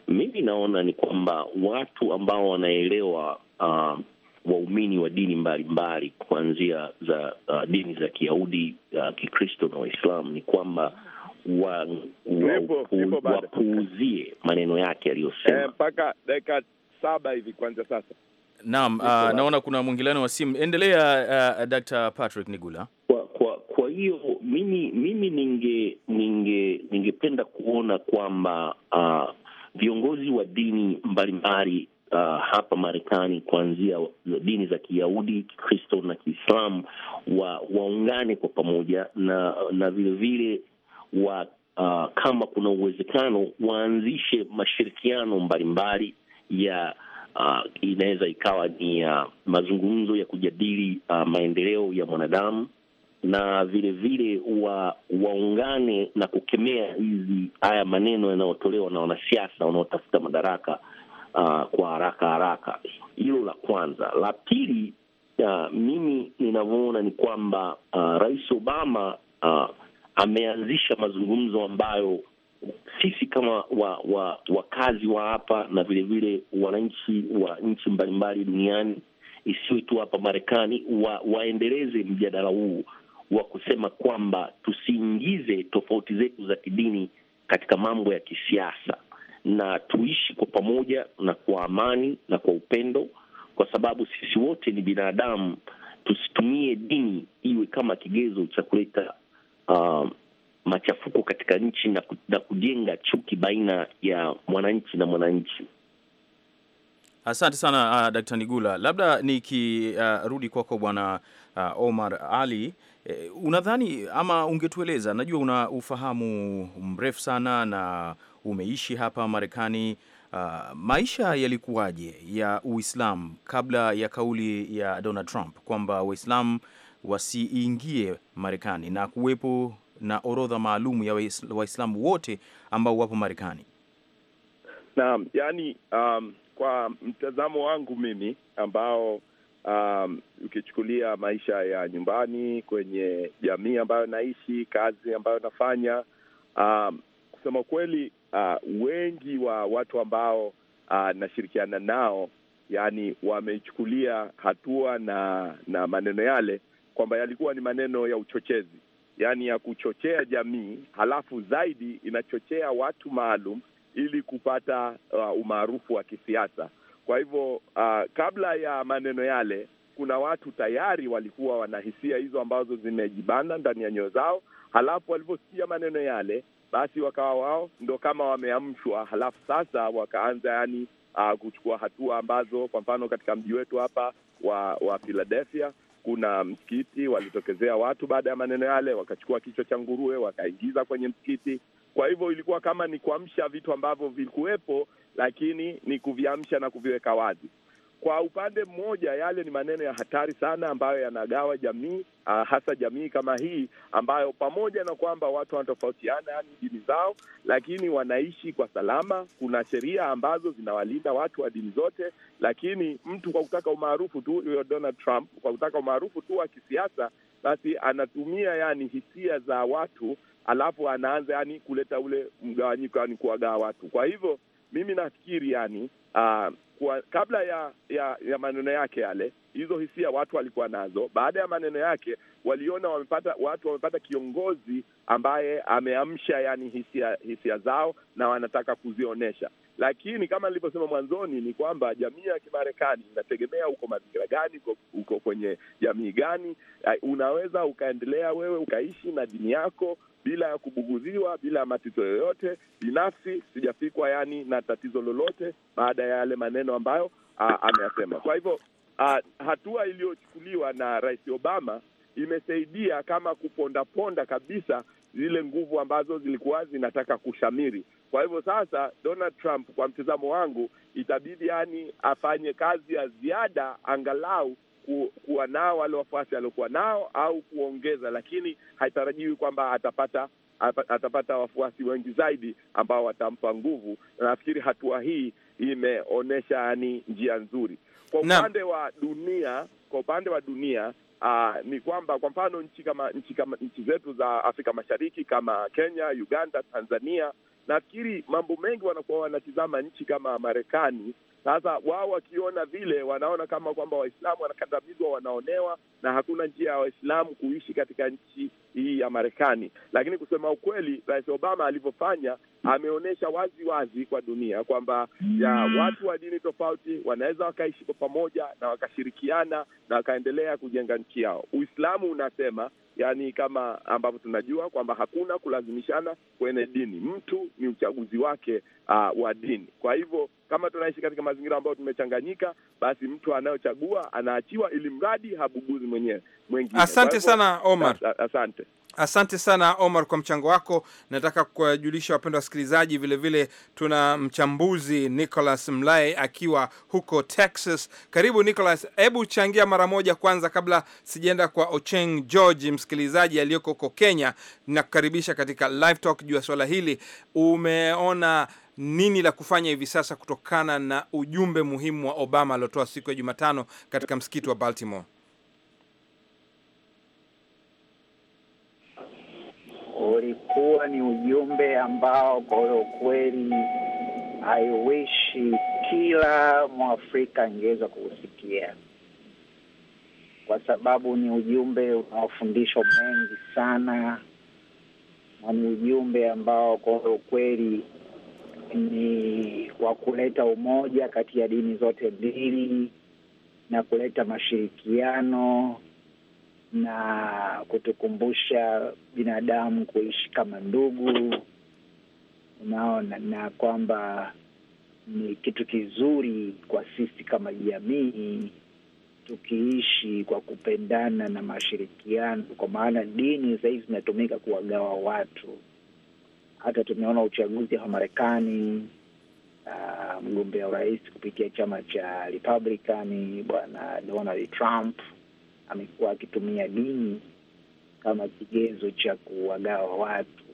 mimi naona ni kwamba watu ambao wanaelewa uh, waumini wa dini mbalimbali kuanzia za uh, dini za Kiyahudi uh, Kikristo na Waislamu ni kwamba wapuuzie wa, wa maneno yake aliyosema eh, mpaka eh, dakika saba hivi kwanza sasa Naam, uh, naona kuna mwingiliano wa simu. Endelea uh, Dr. Patrick Nigula. Kwa kwa kwa hiyo mimi mimi ninge ninge ningependa kuona kwamba uh, viongozi wa dini mbalimbali Uh, hapa Marekani kuanzia dini za Kiyahudi, Kikristo na Kiislamu wa, waungane kwa pamoja na na vilevile wa uh, kama kuna uwezekano waanzishe mashirikiano mbalimbali ya uh, inaweza ikawa ni uh, mazungumzo ya kujadili uh, maendeleo ya mwanadamu na vilevile wa, waungane na kukemea hizi haya maneno yanayotolewa na wanasiasa wanaotafuta madaraka uh, kwa haraka haraka. Hilo la kwanza. La pili, uh, mimi ninavyoona ni kwamba uh, Rais Obama uh, ameanzisha mazungumzo ambayo sisi kama wa wa wakazi wa hapa na vilevile wananchi wa nchi mbalimbali duniani, isiwe tu hapa Marekani, wa, waendeleze mjadala huu wa kusema kwamba tusiingize tofauti zetu za kidini katika mambo ya kisiasa, na tuishi kwa pamoja na kwa amani na kwa upendo, kwa sababu sisi wote ni binadamu. Tusitumie dini iwe kama kigezo cha kuleta uh, machafuko katika nchi na, na kujenga chuki baina ya mwananchi na mwananchi. Asante sana uh, Dkt. Nigula, labda nikirudi uh, kwako Bwana uh, Omar Ali eh, unadhani ama ungetueleza, najua una ufahamu mrefu sana na umeishi hapa Marekani uh, maisha yalikuwaje ya Uislamu kabla ya kauli ya Donald Trump kwamba Waislamu wasiingie Marekani na kuwepo na orodha maalum ya Waislamu wote ambao wapo Marekani? Naam, yani um, kwa mtazamo wangu mimi ambao um, ukichukulia maisha ya nyumbani, kwenye jamii ambayo naishi, kazi ambayo nafanya, um, kusema kweli, uh, wengi wa watu ambao uh, nashirikiana nao yani wamechukulia hatua na na maneno yale kwamba yalikuwa ni maneno ya uchochezi yani ya kuchochea jamii, halafu zaidi inachochea watu maalum ili kupata uh, umaarufu wa kisiasa. Kwa hivyo uh, kabla ya maneno yale, kuna watu tayari walikuwa wana hisia hizo ambazo zimejibanda ndani ya nyoyo zao, halafu walivyosikia maneno yale, basi wakawa wao ndo kama wameamshwa, halafu sasa wakaanza yani, uh, kuchukua hatua ambazo, kwa mfano, katika mji wetu hapa wa wa Philadelphia kuna msikiti, walitokezea watu baada ya maneno yale, wakachukua kichwa cha nguruwe wakaingiza kwenye msikiti. Kwa hivyo ilikuwa kama ni kuamsha vitu ambavyo vilikuwepo, lakini ni kuviamsha na kuviweka wazi. Kwa upande mmoja, yale ni maneno ya hatari sana ambayo yanagawa jamii, uh, hasa jamii kama hii ambayo pamoja na kwamba watu wanatofautiana, yani dini zao, lakini wanaishi kwa salama. Kuna sheria ambazo zinawalinda watu wa dini zote, lakini mtu kwa kutaka umaarufu tu, huyo Donald Trump kwa kutaka umaarufu tu wa kisiasa, basi anatumia yani hisia za watu alafu anaanza yani kuleta ule mgawanyiko, yani kuwagawa watu. Kwa hivyo mimi nafikiri yani uh, kwa, kabla ya ya, ya maneno yake yale, hizo hisia watu walikuwa nazo. Baada ya maneno yake, waliona wamepata watu wamepata kiongozi ambaye ameamsha yani hisia hisia zao na wanataka kuzionyesha. Lakini kama nilivyosema mwanzoni, ni kwamba jamii ya Kimarekani inategemea uko mazingira gani, uko kwenye jamii gani. Eh, unaweza ukaendelea wewe ukaishi na dini yako bila ya kubuguziwa, bila ya matizo yoyote. Binafsi sijafikwa yani na tatizo lolote baada ya yale maneno ambayo ameyasema. Kwa hivyo hatua iliyochukuliwa na Rais Obama imesaidia kama kupondaponda kabisa zile nguvu ambazo zilikuwa zinataka kushamiri kwa hivyo sasa, Donald Trump kwa mtizamo wangu, itabidi yani afanye kazi ya ziada angalau ku, kuwa nao wale wafuasi aliokuwa nao au kuongeza, lakini haitarajiwi kwamba atapata atapata wafuasi wengi zaidi ambao watampa nguvu, na nafikiri hatua hii imeonyesha ni njia nzuri kwa upande wa dunia. Kwa upande wa dunia aa, ah, ni kwamba kwa mfano nchi kama nchi kama nchi zetu za Afrika Mashariki kama Kenya, Uganda, Tanzania nafikiri mambo mengi wanakuwa wanatizama nchi kama Marekani. Sasa wao wakiona vile, wanaona kama kwamba Waislamu wanakandamizwa, wanaonewa na hakuna njia ya Waislamu kuishi katika nchi hii ya Marekani. Lakini kusema ukweli, Rais Obama alivyofanya, ameonyesha wazi wazi kwa dunia kwamba mm. watu wa dini tofauti wanaweza wakaishi kwa pamoja na wakashirikiana na wakaendelea kujenga nchi yao. Uislamu unasema yani kama ambavyo tunajua kwamba hakuna kulazimishana kwenye dini, mtu ni uchaguzi wake uh, wa dini. Kwa hivyo kama tunaishi katika mazingira ambayo tumechanganyika, basi mtu anayochagua anaachiwa, ili mradi habuguzi mwenyewe mwengine. Asante sana Omar, asante yoyote. Asante sana Omar kwa mchango wako. Nataka kuwajulisha wapendwa wasikilizaji, vilevile tuna mchambuzi Nicholas Mlai akiwa huko Texas. Karibu Nicholas, hebu changia mara moja kwanza, kabla sijaenda kwa Ocheng George msikilizaji aliyoko huko Kenya. Nakukaribisha katika Live Talk juu ya swala hili. Umeona nini la kufanya hivi sasa kutokana na ujumbe muhimu wa Obama aliotoa siku ya Jumatano katika msikiti wa Baltimore? ulikuwa ni ujumbe ambao kwa kweli I wish kila Mwafrika angeweza kuusikia, kwa sababu ni ujumbe unaofundishwa mengi sana, na ni ujumbe ambao kwa ukweli ni wa kuleta umoja kati ya dini zote mbili na kuleta mashirikiano na kutukumbusha binadamu kuishi kama ndugu, unaona, na kwamba ni kitu kizuri kwa sisi kama jamii tukiishi kwa kupendana na mashirikiano, kwa maana dini sahizi zinatumika kuwagawa watu. Hata tumeona uchaguzi wa Marekani, uh, mgombea urais kupitia chama cha Republican bwana Donald Trump amekuwa akitumia dini kama kigezo cha kuwagawa watu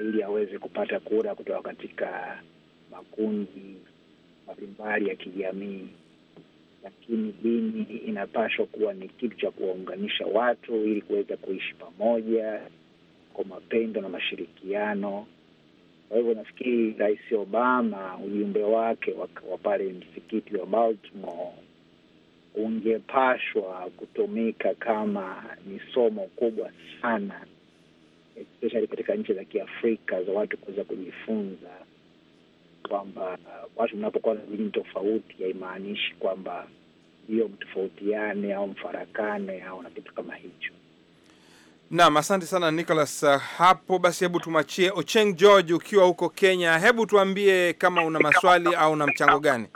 ili aweze kupata kura kutoka katika makundi mbalimbali ya kijamii. Lakini dini inapaswa kuwa ni kitu cha kuwaunganisha watu ili kuweza kuishi pamoja kwa mapendo na mashirikiano. Kwa hivyo nafikiri Rais Obama ujumbe wake wa pale msikiti wa Baltimore ungepashwa kutumika kama ni somo kubwa sana especially katika nchi za Kiafrika za watu kuweza kujifunza kwamba watu mnapokuwa na dini tofauti haimaanishi kwamba hiyo mtofautiane au mfarakane au na kitu kama hicho. nam asante sana nicolas ah, Hapo basi, hebu tumachie Ocheng George, ukiwa huko Kenya, hebu tuambie kama una maswali au una mchango gani?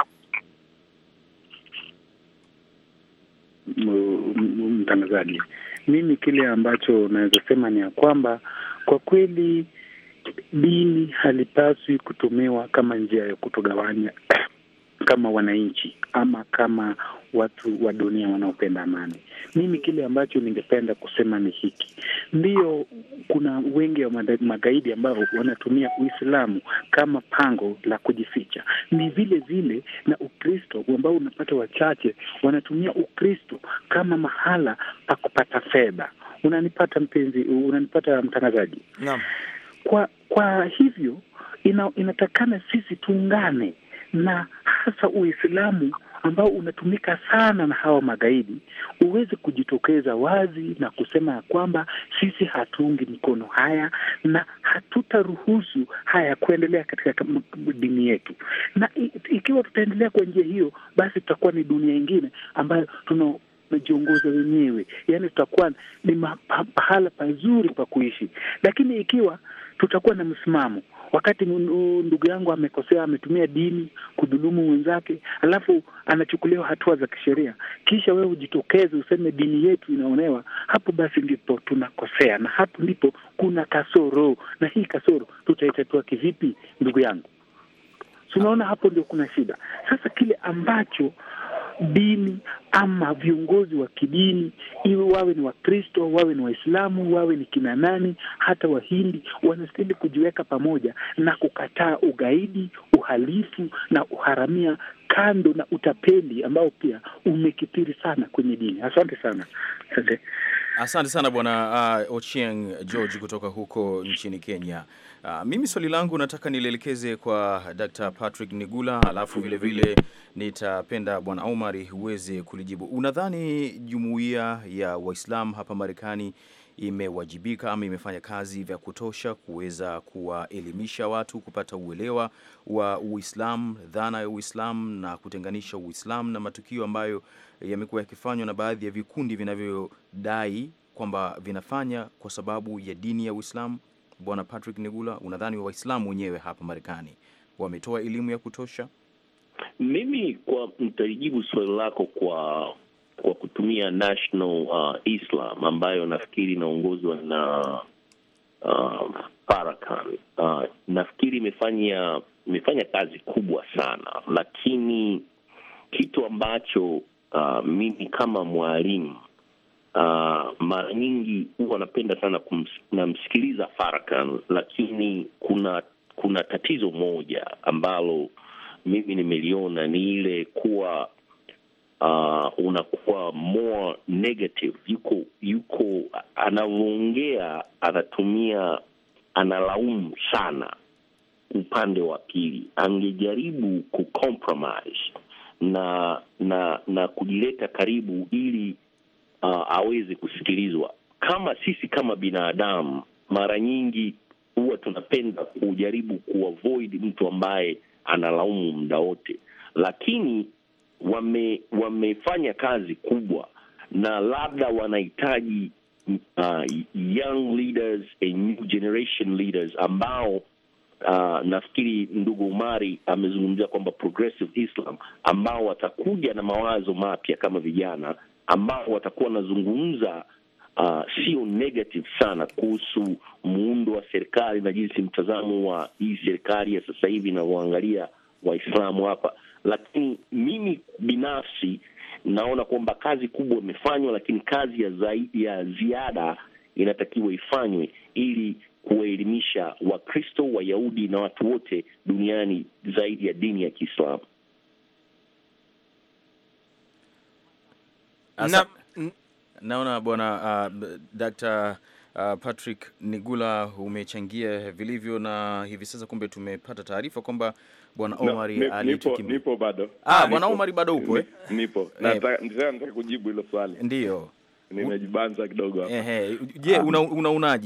mtangazaji. Mimi kile ambacho naweza sema ni ya kwamba kwa kweli dini halipaswi kutumiwa kama njia ya kutogawanya kama wananchi ama kama watu wa dunia wanaopenda amani. Mimi kile ambacho ningependa kusema ni hiki, ndiyo, kuna wengi wa magaidi ambao wanatumia Uislamu kama pango la kujificha. Ni vile vile na Ukristo ambao unapata wachache wanatumia Ukristo kama mahala pa kupata fedha. Unanipata mpenzi, unanipata mtangazaji? Naam. Kwa kwa hivyo ina, inatakana sisi tuungane na hasa Uislamu ambao unatumika sana na hawa magaidi uweze kujitokeza wazi na kusema ya kwamba sisi hatuungi mkono haya na hatutaruhusu haya kuendelea katika dini yetu, na ikiwa tutaendelea kwa njia hiyo, basi tutakuwa ni dunia ingine ambayo tuna tumejiongoza wenyewe, yaani tutakuwa ni mahala pazuri pa kuishi. Lakini ikiwa tutakuwa na msimamo, wakati ndugu yangu amekosea, ametumia dini kudhulumu mwenzake, alafu anachukuliwa hatua za kisheria, kisha wewe ujitokeze useme dini yetu inaonewa, hapo basi ndipo tunakosea, na hapo ndipo kuna kasoro, na hii kasoro tutaitatua kivipi, ndugu yangu? Tunaona hapo ndio kuna shida. Sasa kile ambacho dini ama viongozi wa kidini, iwe wawe ni Wakristo, wawe ni Waislamu, wawe ni kina nani, hata Wahindi, wanastahili kujiweka pamoja na kukataa ugaidi, uhalifu na uharamia, kando na utapeli ambao pia umekithiri sana kwenye dini. Asante sana, asante, asante sana Bwana uh, Ochieng George kutoka huko nchini Kenya. Uh, mimi swali langu nataka nilielekeze kwa Dr. Patrick Nigula, alafu vilevile nitapenda Bwana Omari uweze kulijibu. Unadhani jumuiya ya waislam hapa Marekani imewajibika ama imefanya kazi vya kutosha kuweza kuwaelimisha watu kupata uelewa wa Uislamu, dhana ya Uislamu na kutenganisha Uislamu na matukio ambayo yamekuwa yakifanywa na baadhi ya vikundi vinavyodai kwamba vinafanya kwa sababu ya dini ya Uislamu? Bwana Patrick Negula, unadhani Waislamu wenyewe hapa Marekani wametoa elimu ya kutosha? Mimi kwa nitalijibu swali lako kwa kwa kutumia National uh, Islam ambayo nafikiri inaongozwa na uh, Farrakhan. Uh, nafikiri imefanya imefanya kazi kubwa sana, lakini kitu ambacho uh, mimi kama mwalimu Uh, mara nyingi huwa anapenda sana kumsikiliza Farkan, lakini kuna kuna tatizo moja ambalo mimi nimeliona ni ile kuwa uh, unakuwa more negative. Yuko yuko anavyoongea, anatumia analaumu sana upande wa pili. Angejaribu kucompromise na na na kujileta karibu ili uh, uh, kusikilizwa. Kama sisi kama binadamu, mara nyingi huwa tunapenda kujaribu kuavoid mtu ambaye analaumu muda wote, lakini wame, wamefanya kazi kubwa na labda wanahitaji uh, young leaders and new generation leaders ambao Uh, nafikiri ndugu Umari amezungumzia kwamba progressive Islam ambao watakuja na mawazo mapya kama vijana ambao watakuwa wanazungumza uh, sio negative sana kuhusu muundo wa serikali na jinsi mtazamo wa hii serikali ya sasa hivi inavyoangalia Waislamu hapa, lakini mimi binafsi naona kwamba kazi kubwa imefanywa, lakini kazi ya, zaidi ya ziada inatakiwa ifanywe ili kuwaelimisha Wakristo, Wayahudi na watu wote duniani zaidi ya dini ya Kiislamu. Asa, na, naona bwana uh, Dr. Uh, Patrick Nigula umechangia vilivyo, na hivi sasa kumbe tumepata taarifa kwamba bwana Omari no, alikimbia. Nipo bado. Ah, ah bwana Omari bado upo eh? Nipo. Eh. Nataka nataka kujibu hilo swali. Ndio. Nimejibanza kidogo hapa. Ehe. Je, unaonaje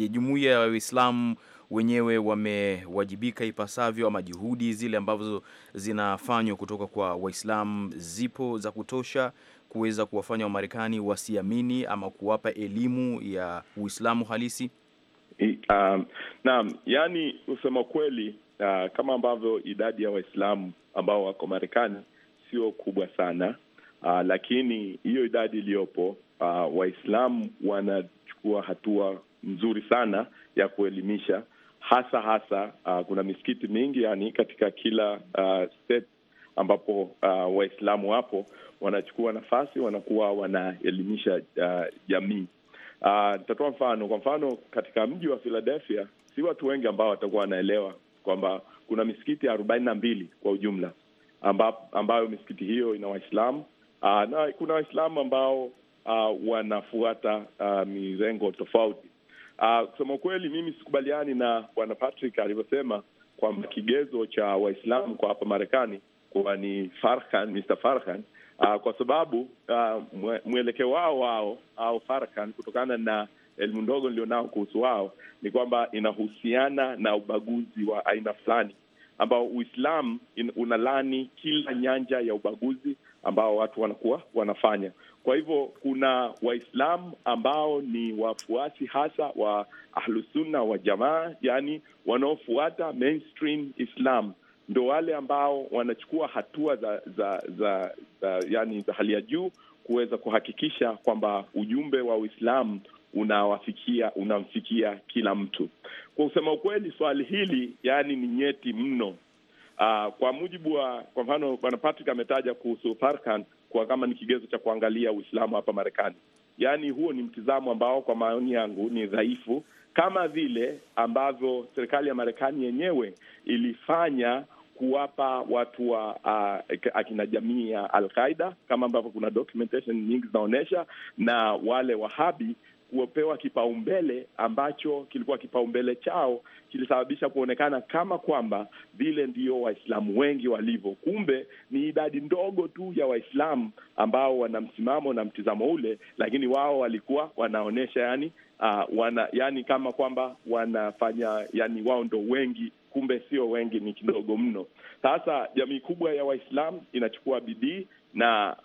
ah. una jumuiya ya Waislamu wenyewe wamewajibika ipasavyo, ama juhudi zile ambazo zinafanywa kutoka kwa Waislamu zipo za kutosha? kuweza kuwafanya Wamarekani wasiamini ama kuwapa elimu ya Uislamu halisi? Um, naam, yani kusema kweli, uh, kama ambavyo idadi ya Waislamu ambao wako Marekani sio kubwa sana uh, lakini hiyo idadi iliyopo uh, Waislamu wanachukua hatua nzuri sana ya kuelimisha hasa hasa uh, kuna misikiti mingi yani katika kila uh, state ambapo uh, Waislamu wapo wanachukua nafasi, wanakuwa wanaelimisha uh, jamii uh, uh, nitatoa mfano. Kwa mfano katika mji wa Philadelphia, si watu wengi ambao watakuwa wanaelewa kwamba kuna misikiti arobaini na mbili kwa ujumla amba, ambayo misikiti hiyo ina Waislamu uh, na kuna Waislamu ambao uh, wanafuata uh, mirengo tofauti. Uh, kusema ukweli, mimi sikubaliani na Bwana Patrick alivyosema kwamba kigezo cha Waislamu kwa hapa Marekani kuwa ni Farhan, Mr Farhan uh, kwa sababu uh, mwelekeo wao wao au Farhan kutokana na elimu ndogo nilionao kuhusu wao ni kwamba inahusiana na ubaguzi wa aina fulani ambao Uislamu unalani kila nyanja ya ubaguzi ambao watu wanakuwa wanafanya. Kwa hivyo kuna Waislamu ambao ni wafuasi hasa wa Ahlusunna wa Jamaa, yani wanaofuata mainstream Islam ndo wale ambao wanachukua hatua za za za, za, yani za hali ya juu kuweza kuhakikisha kwamba ujumbe wa Uislamu unawafikia unamfikia kila mtu. Kwa usema ukweli, swali hili yani ni nyeti mno. Aa, ah, kwa mujibu wa kwa mfano Bwana Patrick ametaja kuhusu Farkan kwa kama ni kigezo cha kuangalia Uislamu hapa Marekani. yani huo ni mtizamo ambao kwa maoni yangu ni dhaifu, kama vile ambavyo serikali ya Marekani yenyewe ilifanya kuwapa watu wa uh, akina jamii ya Alqaida kama ambavyo kuna documentation nyingi zinaonyesha, na wale wahabi kupewa kipaumbele ambacho kilikuwa kipaumbele chao kilisababisha kuonekana kama kwamba vile ndio Waislamu wengi walivyo. Kumbe ni idadi ndogo tu ya Waislamu ambao wana msimamo na mtizamo ule, lakini wao walikuwa wanaonyesha yani, uh, wana yani kama kwamba wanafanya yani wao ndo wengi kumbe sio wengi, ni kidogo mno. Sasa jamii kubwa ya waislam inachukua bidii na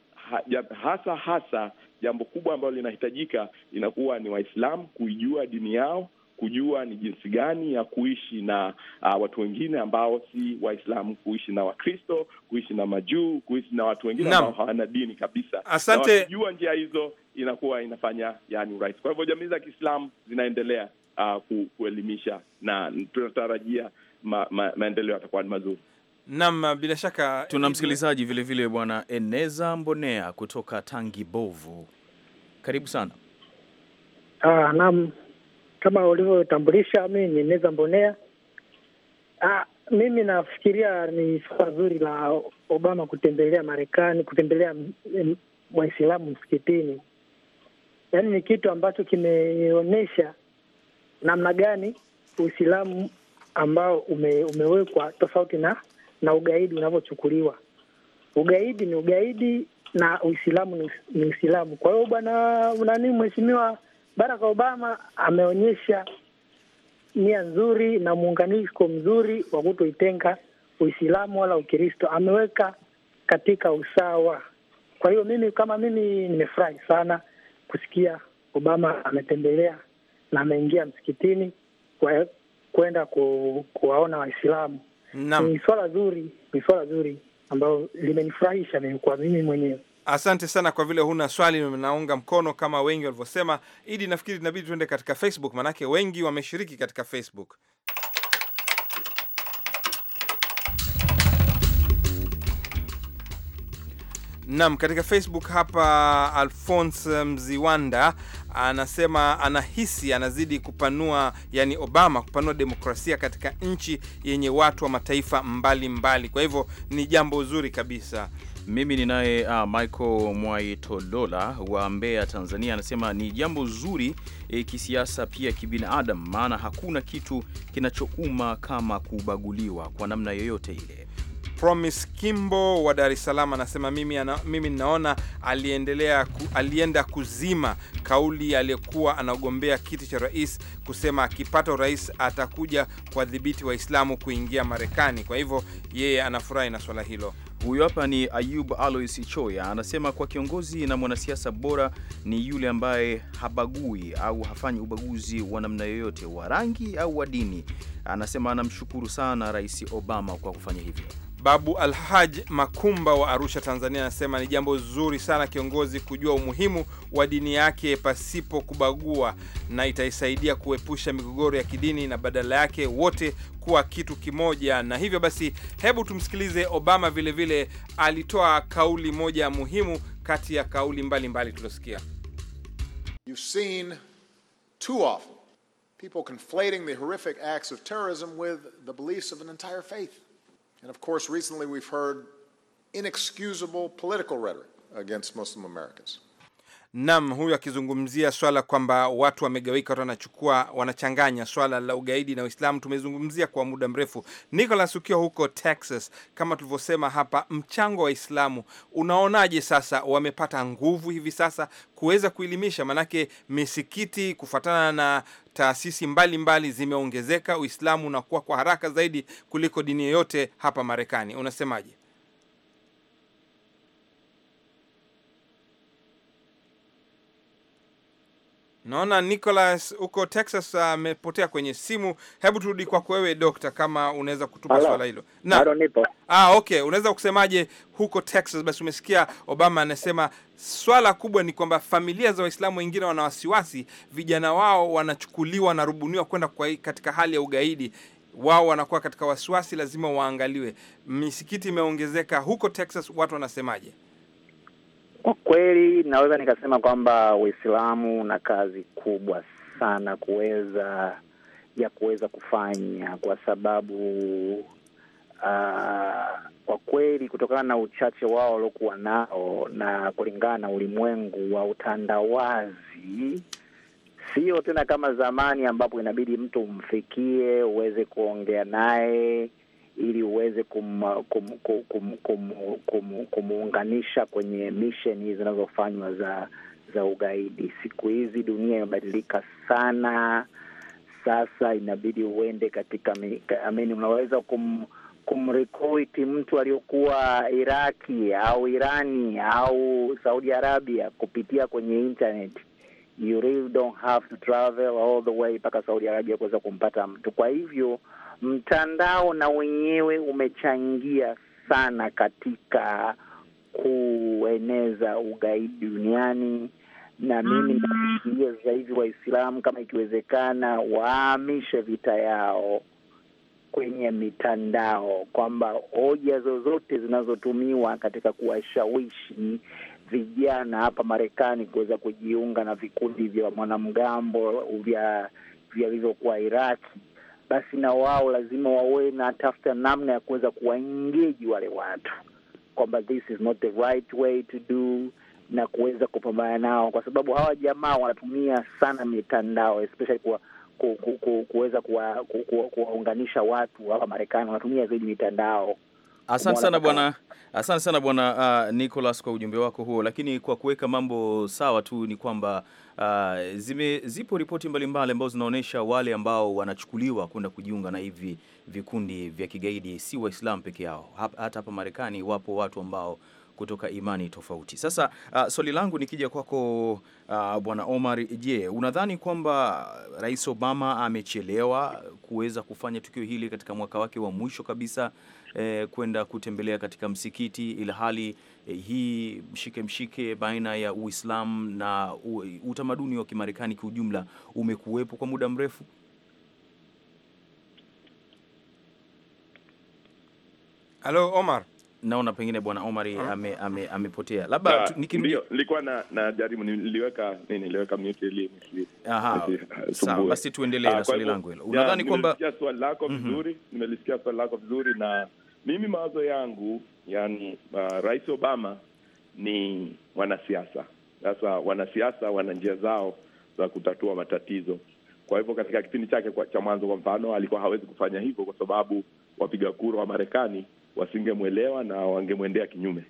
hasa hasa jambo kubwa ambalo linahitajika inakuwa ni waislam kuijua dini yao kujua ni jinsi gani ya kuishi na uh, watu wengine ambao si Waislamu, kuishi na Wakristo, kuishi na Majuu, kuishi na watu wengine ambao hawana dini kabisa. Asante. Na wakijua njia hizo inakuwa inafanya yani urahisi. Kwa hivyo jamii za Kiislamu zinaendelea uh, ku, kuelimisha na tunatarajia ma, ma, maendeleo yatakuwa ni mazuri. Naam, bila shaka tuna msikilizaji vilevile bwana Eneza Mbonea kutoka Tangi Bovu, karibu sana. Ah, naam, kama ulivyotambulisha, mi ni Eneza Mbonea. Ah, mimi nafikiria ni suala zuri la Obama kutembelea Marekani, kutembelea Waislamu msikitini, yaani ni kitu ambacho kimeonyesha namna gani Uislamu ambao ume, umewekwa tofauti na na ugaidi unavyochukuliwa. Ugaidi ni ugaidi na Uislamu ni Uislamu. Kwa hiyo bwana nani, mheshimiwa Barack Obama ameonyesha nia nzuri na muunganiko mzuri wa kutoitenga Uislamu wala Ukristo, ameweka katika usawa. Kwa hiyo mimi kama mimi nimefurahi sana kusikia Obama ametembelea na ameingia msikitini kwa kwenda ku, kuwaona Waislamu. Ni swala zuri, ni swala zuri ambayo limenifurahisha mimi kwa mimi mwenyewe. Asante sana kwa vile huna swali, naunga mkono kama wengi walivyosema. Idi, nafikiri inabidi tuende katika Facebook, maanake wengi wameshiriki katika Facebook. Naam, katika Facebook hapa Alphonse Mziwanda anasema anahisi anazidi kupanua, yani Obama kupanua demokrasia katika nchi yenye watu wa mataifa mbalimbali mbali. Kwa hivyo ni jambo zuri kabisa. Mimi ninaye uh, Michael Mwaitolola wa Mbeya, Tanzania, anasema ni jambo zuri e, kisiasa pia kibinadamu, maana hakuna kitu kinachouma kama kubaguliwa kwa namna yoyote ile. Promise Kimbo wa Dar es Salaam anasema mimi, ana, mimi naona aliendelea ku, alienda kuzima kauli aliyekuwa anagombea kiti cha rais kusema akipata urais atakuja kuwadhibiti Waislamu kuingia Marekani. Kwa hivyo yeye anafurahi na swala hilo. huyu hapa ni Ayub Alois Choya anasema kwa kiongozi na mwanasiasa bora ni yule ambaye habagui au hafanyi ubaguzi wa namna yoyote wa rangi au wa dini. Anasema anamshukuru sana Rais Obama kwa kufanya hivyo. Babu Alhaj Makumba wa Arusha, Tanzania, anasema ni jambo zuri sana kiongozi kujua umuhimu wa dini yake pasipo kubagua, na itaisaidia kuepusha migogoro ya kidini na badala yake wote kuwa kitu kimoja. Na hivyo basi, hebu tumsikilize. Obama vilevile vile alitoa kauli moja muhimu kati ya kauli mbalimbali tuliosikia. You've seen too often people conflating the horrific acts of terrorism with the beliefs of an entire faith And of course, recently we've heard inexcusable political rhetoric against Muslim Americans. Nam huyu akizungumzia swala kwamba watu wamegawika, watu wanachukua, wanachanganya swala la ugaidi na Uislamu. Tumezungumzia kwa muda mrefu. Nicholas, ukiwa huko Texas, kama tulivyosema hapa, mchango wa Waislamu unaonaje? Sasa wamepata nguvu hivi sasa kuweza kuelimisha, manake misikiti kufuatana na taasisi mbalimbali zimeongezeka, Uislamu unakuwa kwa haraka zaidi kuliko dini yoyote hapa Marekani. Unasemaje? Naona Nicholas huko Texas amepotea uh, kwenye simu. Hebu turudi kwako wewe dokta, kama unaweza kutupa swala hilo. Na Ah, okay, unaweza kusemaje huko Texas? Basi umesikia Obama anasema swala kubwa ni kwamba familia za Waislamu wengine wana wasiwasi, vijana wao wanachukuliwa, wanarubuniwa kwenda katika hali ya ugaidi wao wanakuwa katika wasiwasi, lazima waangaliwe. Misikiti imeongezeka huko Texas, watu wanasemaje? Kwa kweli naweza nikasema kwamba Uislamu una kazi kubwa sana kuweza ya kuweza kufanya kwa sababu uh, kwa kweli kutokana na uchache wao waliokuwa nao na kulingana na ulimwengu wa utandawazi, sio tena kama zamani ambapo inabidi mtu umfikie uweze kuongea naye ili uweze kumuunganisha kum, kum, kum, kum, kum, kwenye misheni zinazofanywa za za ugaidi. Siku hizi dunia imebadilika sana, sasa inabidi uende katika amini, unaweza kum kumrekuiti mtu aliyokuwa Iraki au Irani au Saudi Arabia kupitia kwenye internet. You really don't have to travel all the way mpaka Saudi Arabia kuweza kumpata mtu. Kwa hivyo mtandao na wenyewe umechangia sana katika kueneza ugaidi duniani, na mimi mm-hmm. nafikiria sasa hivi Waislamu kama ikiwezekana, waamishe vita yao kwenye mitandao, kwamba hoja zozote zinazotumiwa katika kuwashawishi vijana hapa Marekani kuweza kujiunga na vikundi vya mwanamgambo vya vilivyokuwa Iraki basi na wao lazima wawe na tafuta namna ya kuweza kuwaengeji wale watu kwamba this is not the right way to do na kuweza kupambana nao, kwa sababu hawa jamaa wanatumia sana mitandao especially kwa kuweza kuwaunganisha watu hapa Marekani, wanatumia zaidi mitandao Asante sana bwana, asante sana bwana uh, Nicholas kwa ujumbe wako huo. Lakini kwa kuweka mambo sawa tu ni kwamba uh, zime, zipo ripoti mbalimbali ambazo zinaonyesha wale ambao wanachukuliwa kwenda kujiunga na hivi vikundi vya kigaidi si Waislamu peke yao, hata hapa Marekani wapo watu ambao kutoka imani tofauti. Sasa uh, swali langu nikija kwako uh, bwana Omar, je, unadhani kwamba Rais Obama amechelewa kuweza kufanya tukio hili katika mwaka wake wa mwisho kabisa eh, kwenda kutembelea katika msikiti, ilhali eh, hii mshike mshike baina ya Uislamu na u, utamaduni wa Kimarekani kiujumla umekuwepo kwa muda mrefu. Halo Omar, naona pengine bwana Omari hmm? ame, ame, amepotea labda nilikuwa na, na jaribu niliweka nini, niliweka mute ili aha, sawa basi tuendelee na ah, swali langu hilo. Unadhani kwamba swali lako mhm. vizuri, nimelisikia swali lako vizuri na mimi mawazo yangu yani, uh, Rais Obama ni mwanasiasa. Sasa wanasiasa wana njia zao za kutatua matatizo. Kwa hivyo katika kipindi chake cha mwanzo, kwa mfano, alikuwa hawezi kufanya hivyo kwa sababu wapiga kura wa Marekani wasingemwelewa na wangemwendea kinyume.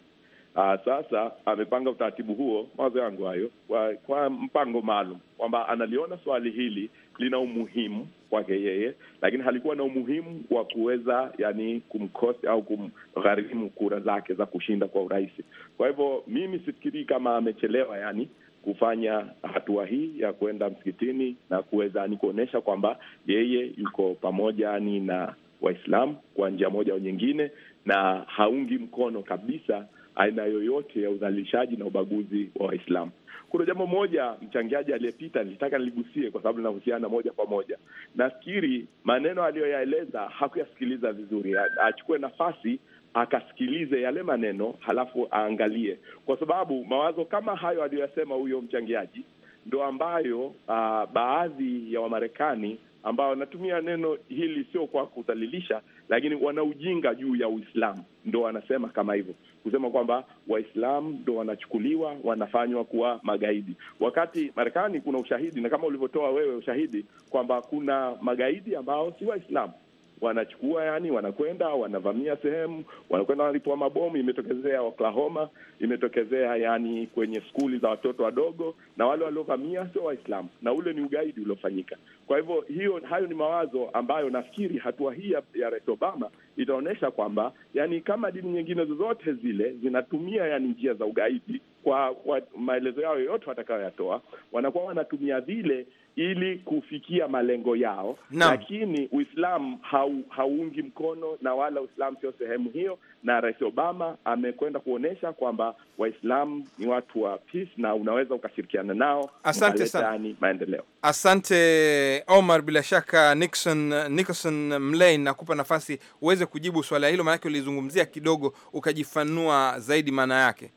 Aa, uh, sasa amepanga utaratibu huo, mawazo yangu hayo, kwa, kwa mpango maalum kwamba analiona swali hili lina umuhimu kwake yeye, lakini halikuwa na umuhimu wa kuweza yani kumkosi au kumgharimu kura zake za kushinda kwa urahisi. Kwa hivyo mimi sifikirii kama amechelewa yani kufanya hatua hii ya kwenda msikitini na kuweza ni kuonyesha kwamba yeye yuko pamoja ni na Waislamu kwa njia moja au nyingine, na haungi mkono kabisa aina yoyote ya udhalilishaji na ubaguzi wa Waislamu. Kuna jambo moja mchangiaji aliyepita nilitaka niligusie, kwa sababu linahusiana moja kwa moja. Nafikiri maneno aliyoyaeleza hakuyasikiliza vizuri, achukue nafasi akasikilize yale maneno halafu aangalie, kwa sababu mawazo kama hayo aliyoyasema huyo mchangiaji ndo ambayo uh, baadhi ya Wamarekani ambao wanatumia neno hili sio kwa kudhalilisha, lakini wana ujinga juu ya Uislamu, ndo wanasema kama hivyo, kusema kwamba Waislamu ndo wanachukuliwa wanafanywa kuwa magaidi, wakati Marekani kuna ushahidi na kama ulivyotoa wewe ushahidi kwamba kuna magaidi ambao si Waislamu wanachukua yani, wanakwenda wanavamia sehemu, wanakwenda wanalipua mabomu. Imetokezea Oklahoma, imetokezea yani kwenye skuli za watoto wadogo, na wale waliovamia sio Waislamu, na ule ni ugaidi uliofanyika. Kwa hivyo hiyo, hayo ni mawazo ambayo nafikiri hatua hii ya Rais Obama itaonyesha kwamba yani, kama dini nyingine zozote zile zinatumia yani njia za ugaidi kwa, kwa maelezo yao yoyote watakayoyatoa, wanakuwa wanatumia vile ili kufikia malengo yao no. Lakini Uislamu hau, hauungi mkono na wala Uislamu sio sehemu hiyo, na Rais Obama amekwenda kuonyesha kwamba Waislamu ni watu wa peace na unaweza ukashirikiana nao. Asante sana, maendeleo. Asante Omar, bila shaka Nixon, Nicholson Mlain, nakupa nafasi uweze kujibu swala hilo, maanake ulizungumzia kidogo ukajifanua zaidi maana yake.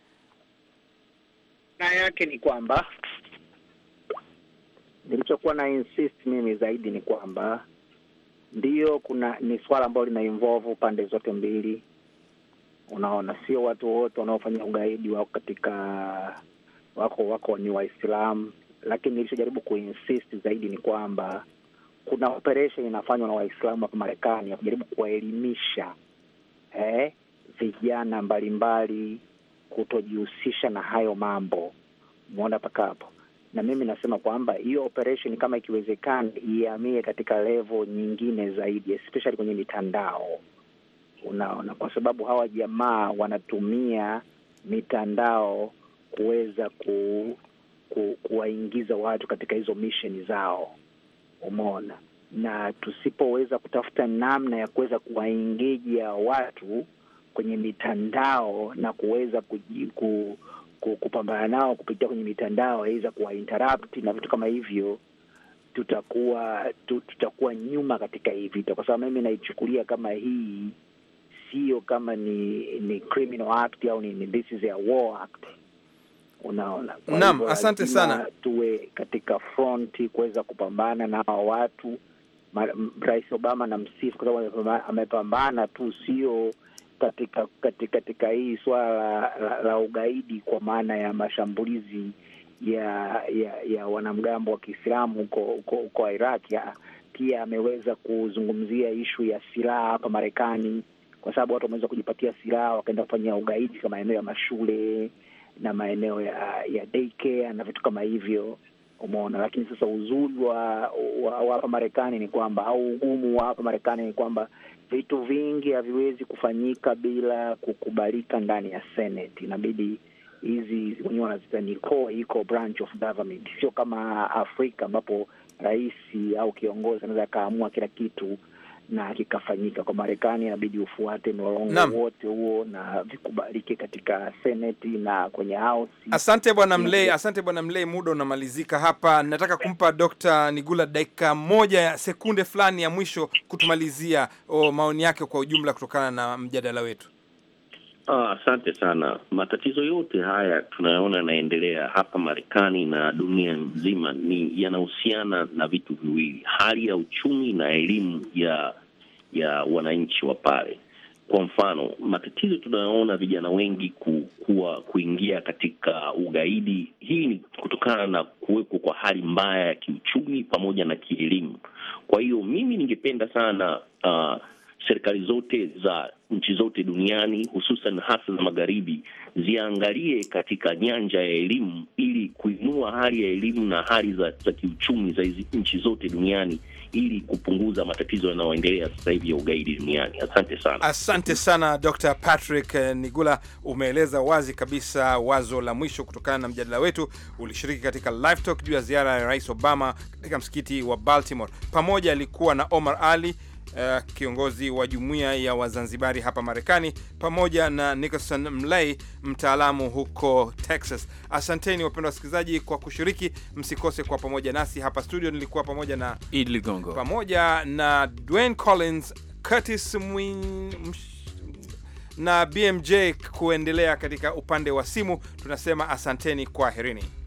Maana yake ni kwamba nilichokuwa na insist mimi zaidi ni kwamba ndio kuna ni swala ambalo lina involve pande zote mbili. Unaona, sio watu wote wanaofanya ugaidi wako katika wako wako ni Waislamu, lakini nilichojaribu kuinsist zaidi ni kwamba kuna operation inafanywa na Waislamu hapa Marekani ya kujaribu kuwaelimisha eh, vijana mbalimbali kutojihusisha na hayo mambo. Umeona mpaka hapo na mimi nasema kwamba hiyo operation kama ikiwezekana iamie katika level nyingine zaidi, especially kwenye mitandao, unaona, kwa sababu hawa jamaa wanatumia mitandao kuweza ku, ku, kuwaingiza watu katika hizo misheni zao, umeona. Na tusipoweza kutafuta namna ya kuweza kuwaingija watu kwenye mitandao na kuweza kuji, ku, kupambana nao kupitia kwenye mitandao, aidha kuwainterrupt na vitu kama hivyo, tutakuwa tutakuwa nyuma katika hii vita, kwa sababu mimi naichukulia kama hii sio kama ni ni criminal act au ni this is a war act. Unaona, naam, asante sana. Tuwe katika front kuweza kupambana na hawa watu. Rais Obama na msifu kwa sababu amepambana tu, sio katika katika katika hii swala la, la, la ugaidi kwa maana ya mashambulizi ya ya, ya wanamgambo wa Kiislamu huko Iraq ya, Pia ameweza kuzungumzia ishu ya silaha hapa Marekani, kwa sababu watu wameweza kujipatia silaha wakaenda kufanya ugaidi ka maeneo ya mashule na maeneo ya ya daycare na vitu kama hivyo, umeona. Lakini sasa uzuri wa hapa Marekani ni kwamba au ugumu wa hapa Marekani ni kwamba vitu vingi haviwezi kufanyika bila kukubalika ndani ya Senate. Inabidi hizi wenyewe wanazita ni core iko branch of government, sio kama Afrika ambapo rais au kiongozi anaweza akaamua kila kitu na likafanyika. Kwa Marekani inabidi ufuate mlolongo wote huo na vikubalike katika seneti na kwenye House. Asante bwana Mlei, asante bwana Mlei, muda unamalizika hapa. Nataka kumpa Dr. Nigula dakika moja ya sekunde fulani ya mwisho kutumalizia oh, maoni yake kwa ujumla kutokana na mjadala wetu. Ah, asante sana. Matatizo yote haya tunayoona yanaendelea hapa Marekani na dunia nzima ni yanahusiana na vitu viwili, hali ya uchumi na elimu ya ya wananchi wa pale. Kwa mfano, matatizo tunayoona vijana wengi kukuwa kuingia katika ugaidi, hii ni kutokana na kuwepo kwa hali mbaya ya kiuchumi pamoja na kielimu. Kwa hiyo mimi ningependa sana uh, serikali zote za nchi zote duniani hususan hasa za magharibi ziangalie katika nyanja ya elimu ili kuinua hali ya elimu na hali za, za kiuchumi za hizi nchi zote duniani ili kupunguza matatizo yanayoendelea sasa hivi ya ugaidi duniani. Asante sana, asante sana Dr. Patrick eh, Nigula, umeeleza wazi kabisa wazo la mwisho kutokana na mjadala wetu. Ulishiriki katika live talk juu ya ziara ya Rais Obama katika msikiti wa Baltimore. Pamoja alikuwa na Omar Ali uh, kiongozi wa jumuiya ya Wazanzibari hapa Marekani, pamoja na Nicholson Mlay, mtaalamu huko Texas. Asanteni wapendwa wasikilizaji kwa kushiriki, msikose kwa pamoja nasi hapa studio. Nilikuwa pamoja na Idi Ligongo pamoja na Dwayne Collins, Curtis Mwin na BMJ kuendelea katika upande wa simu. Tunasema asanteni, kwaherini.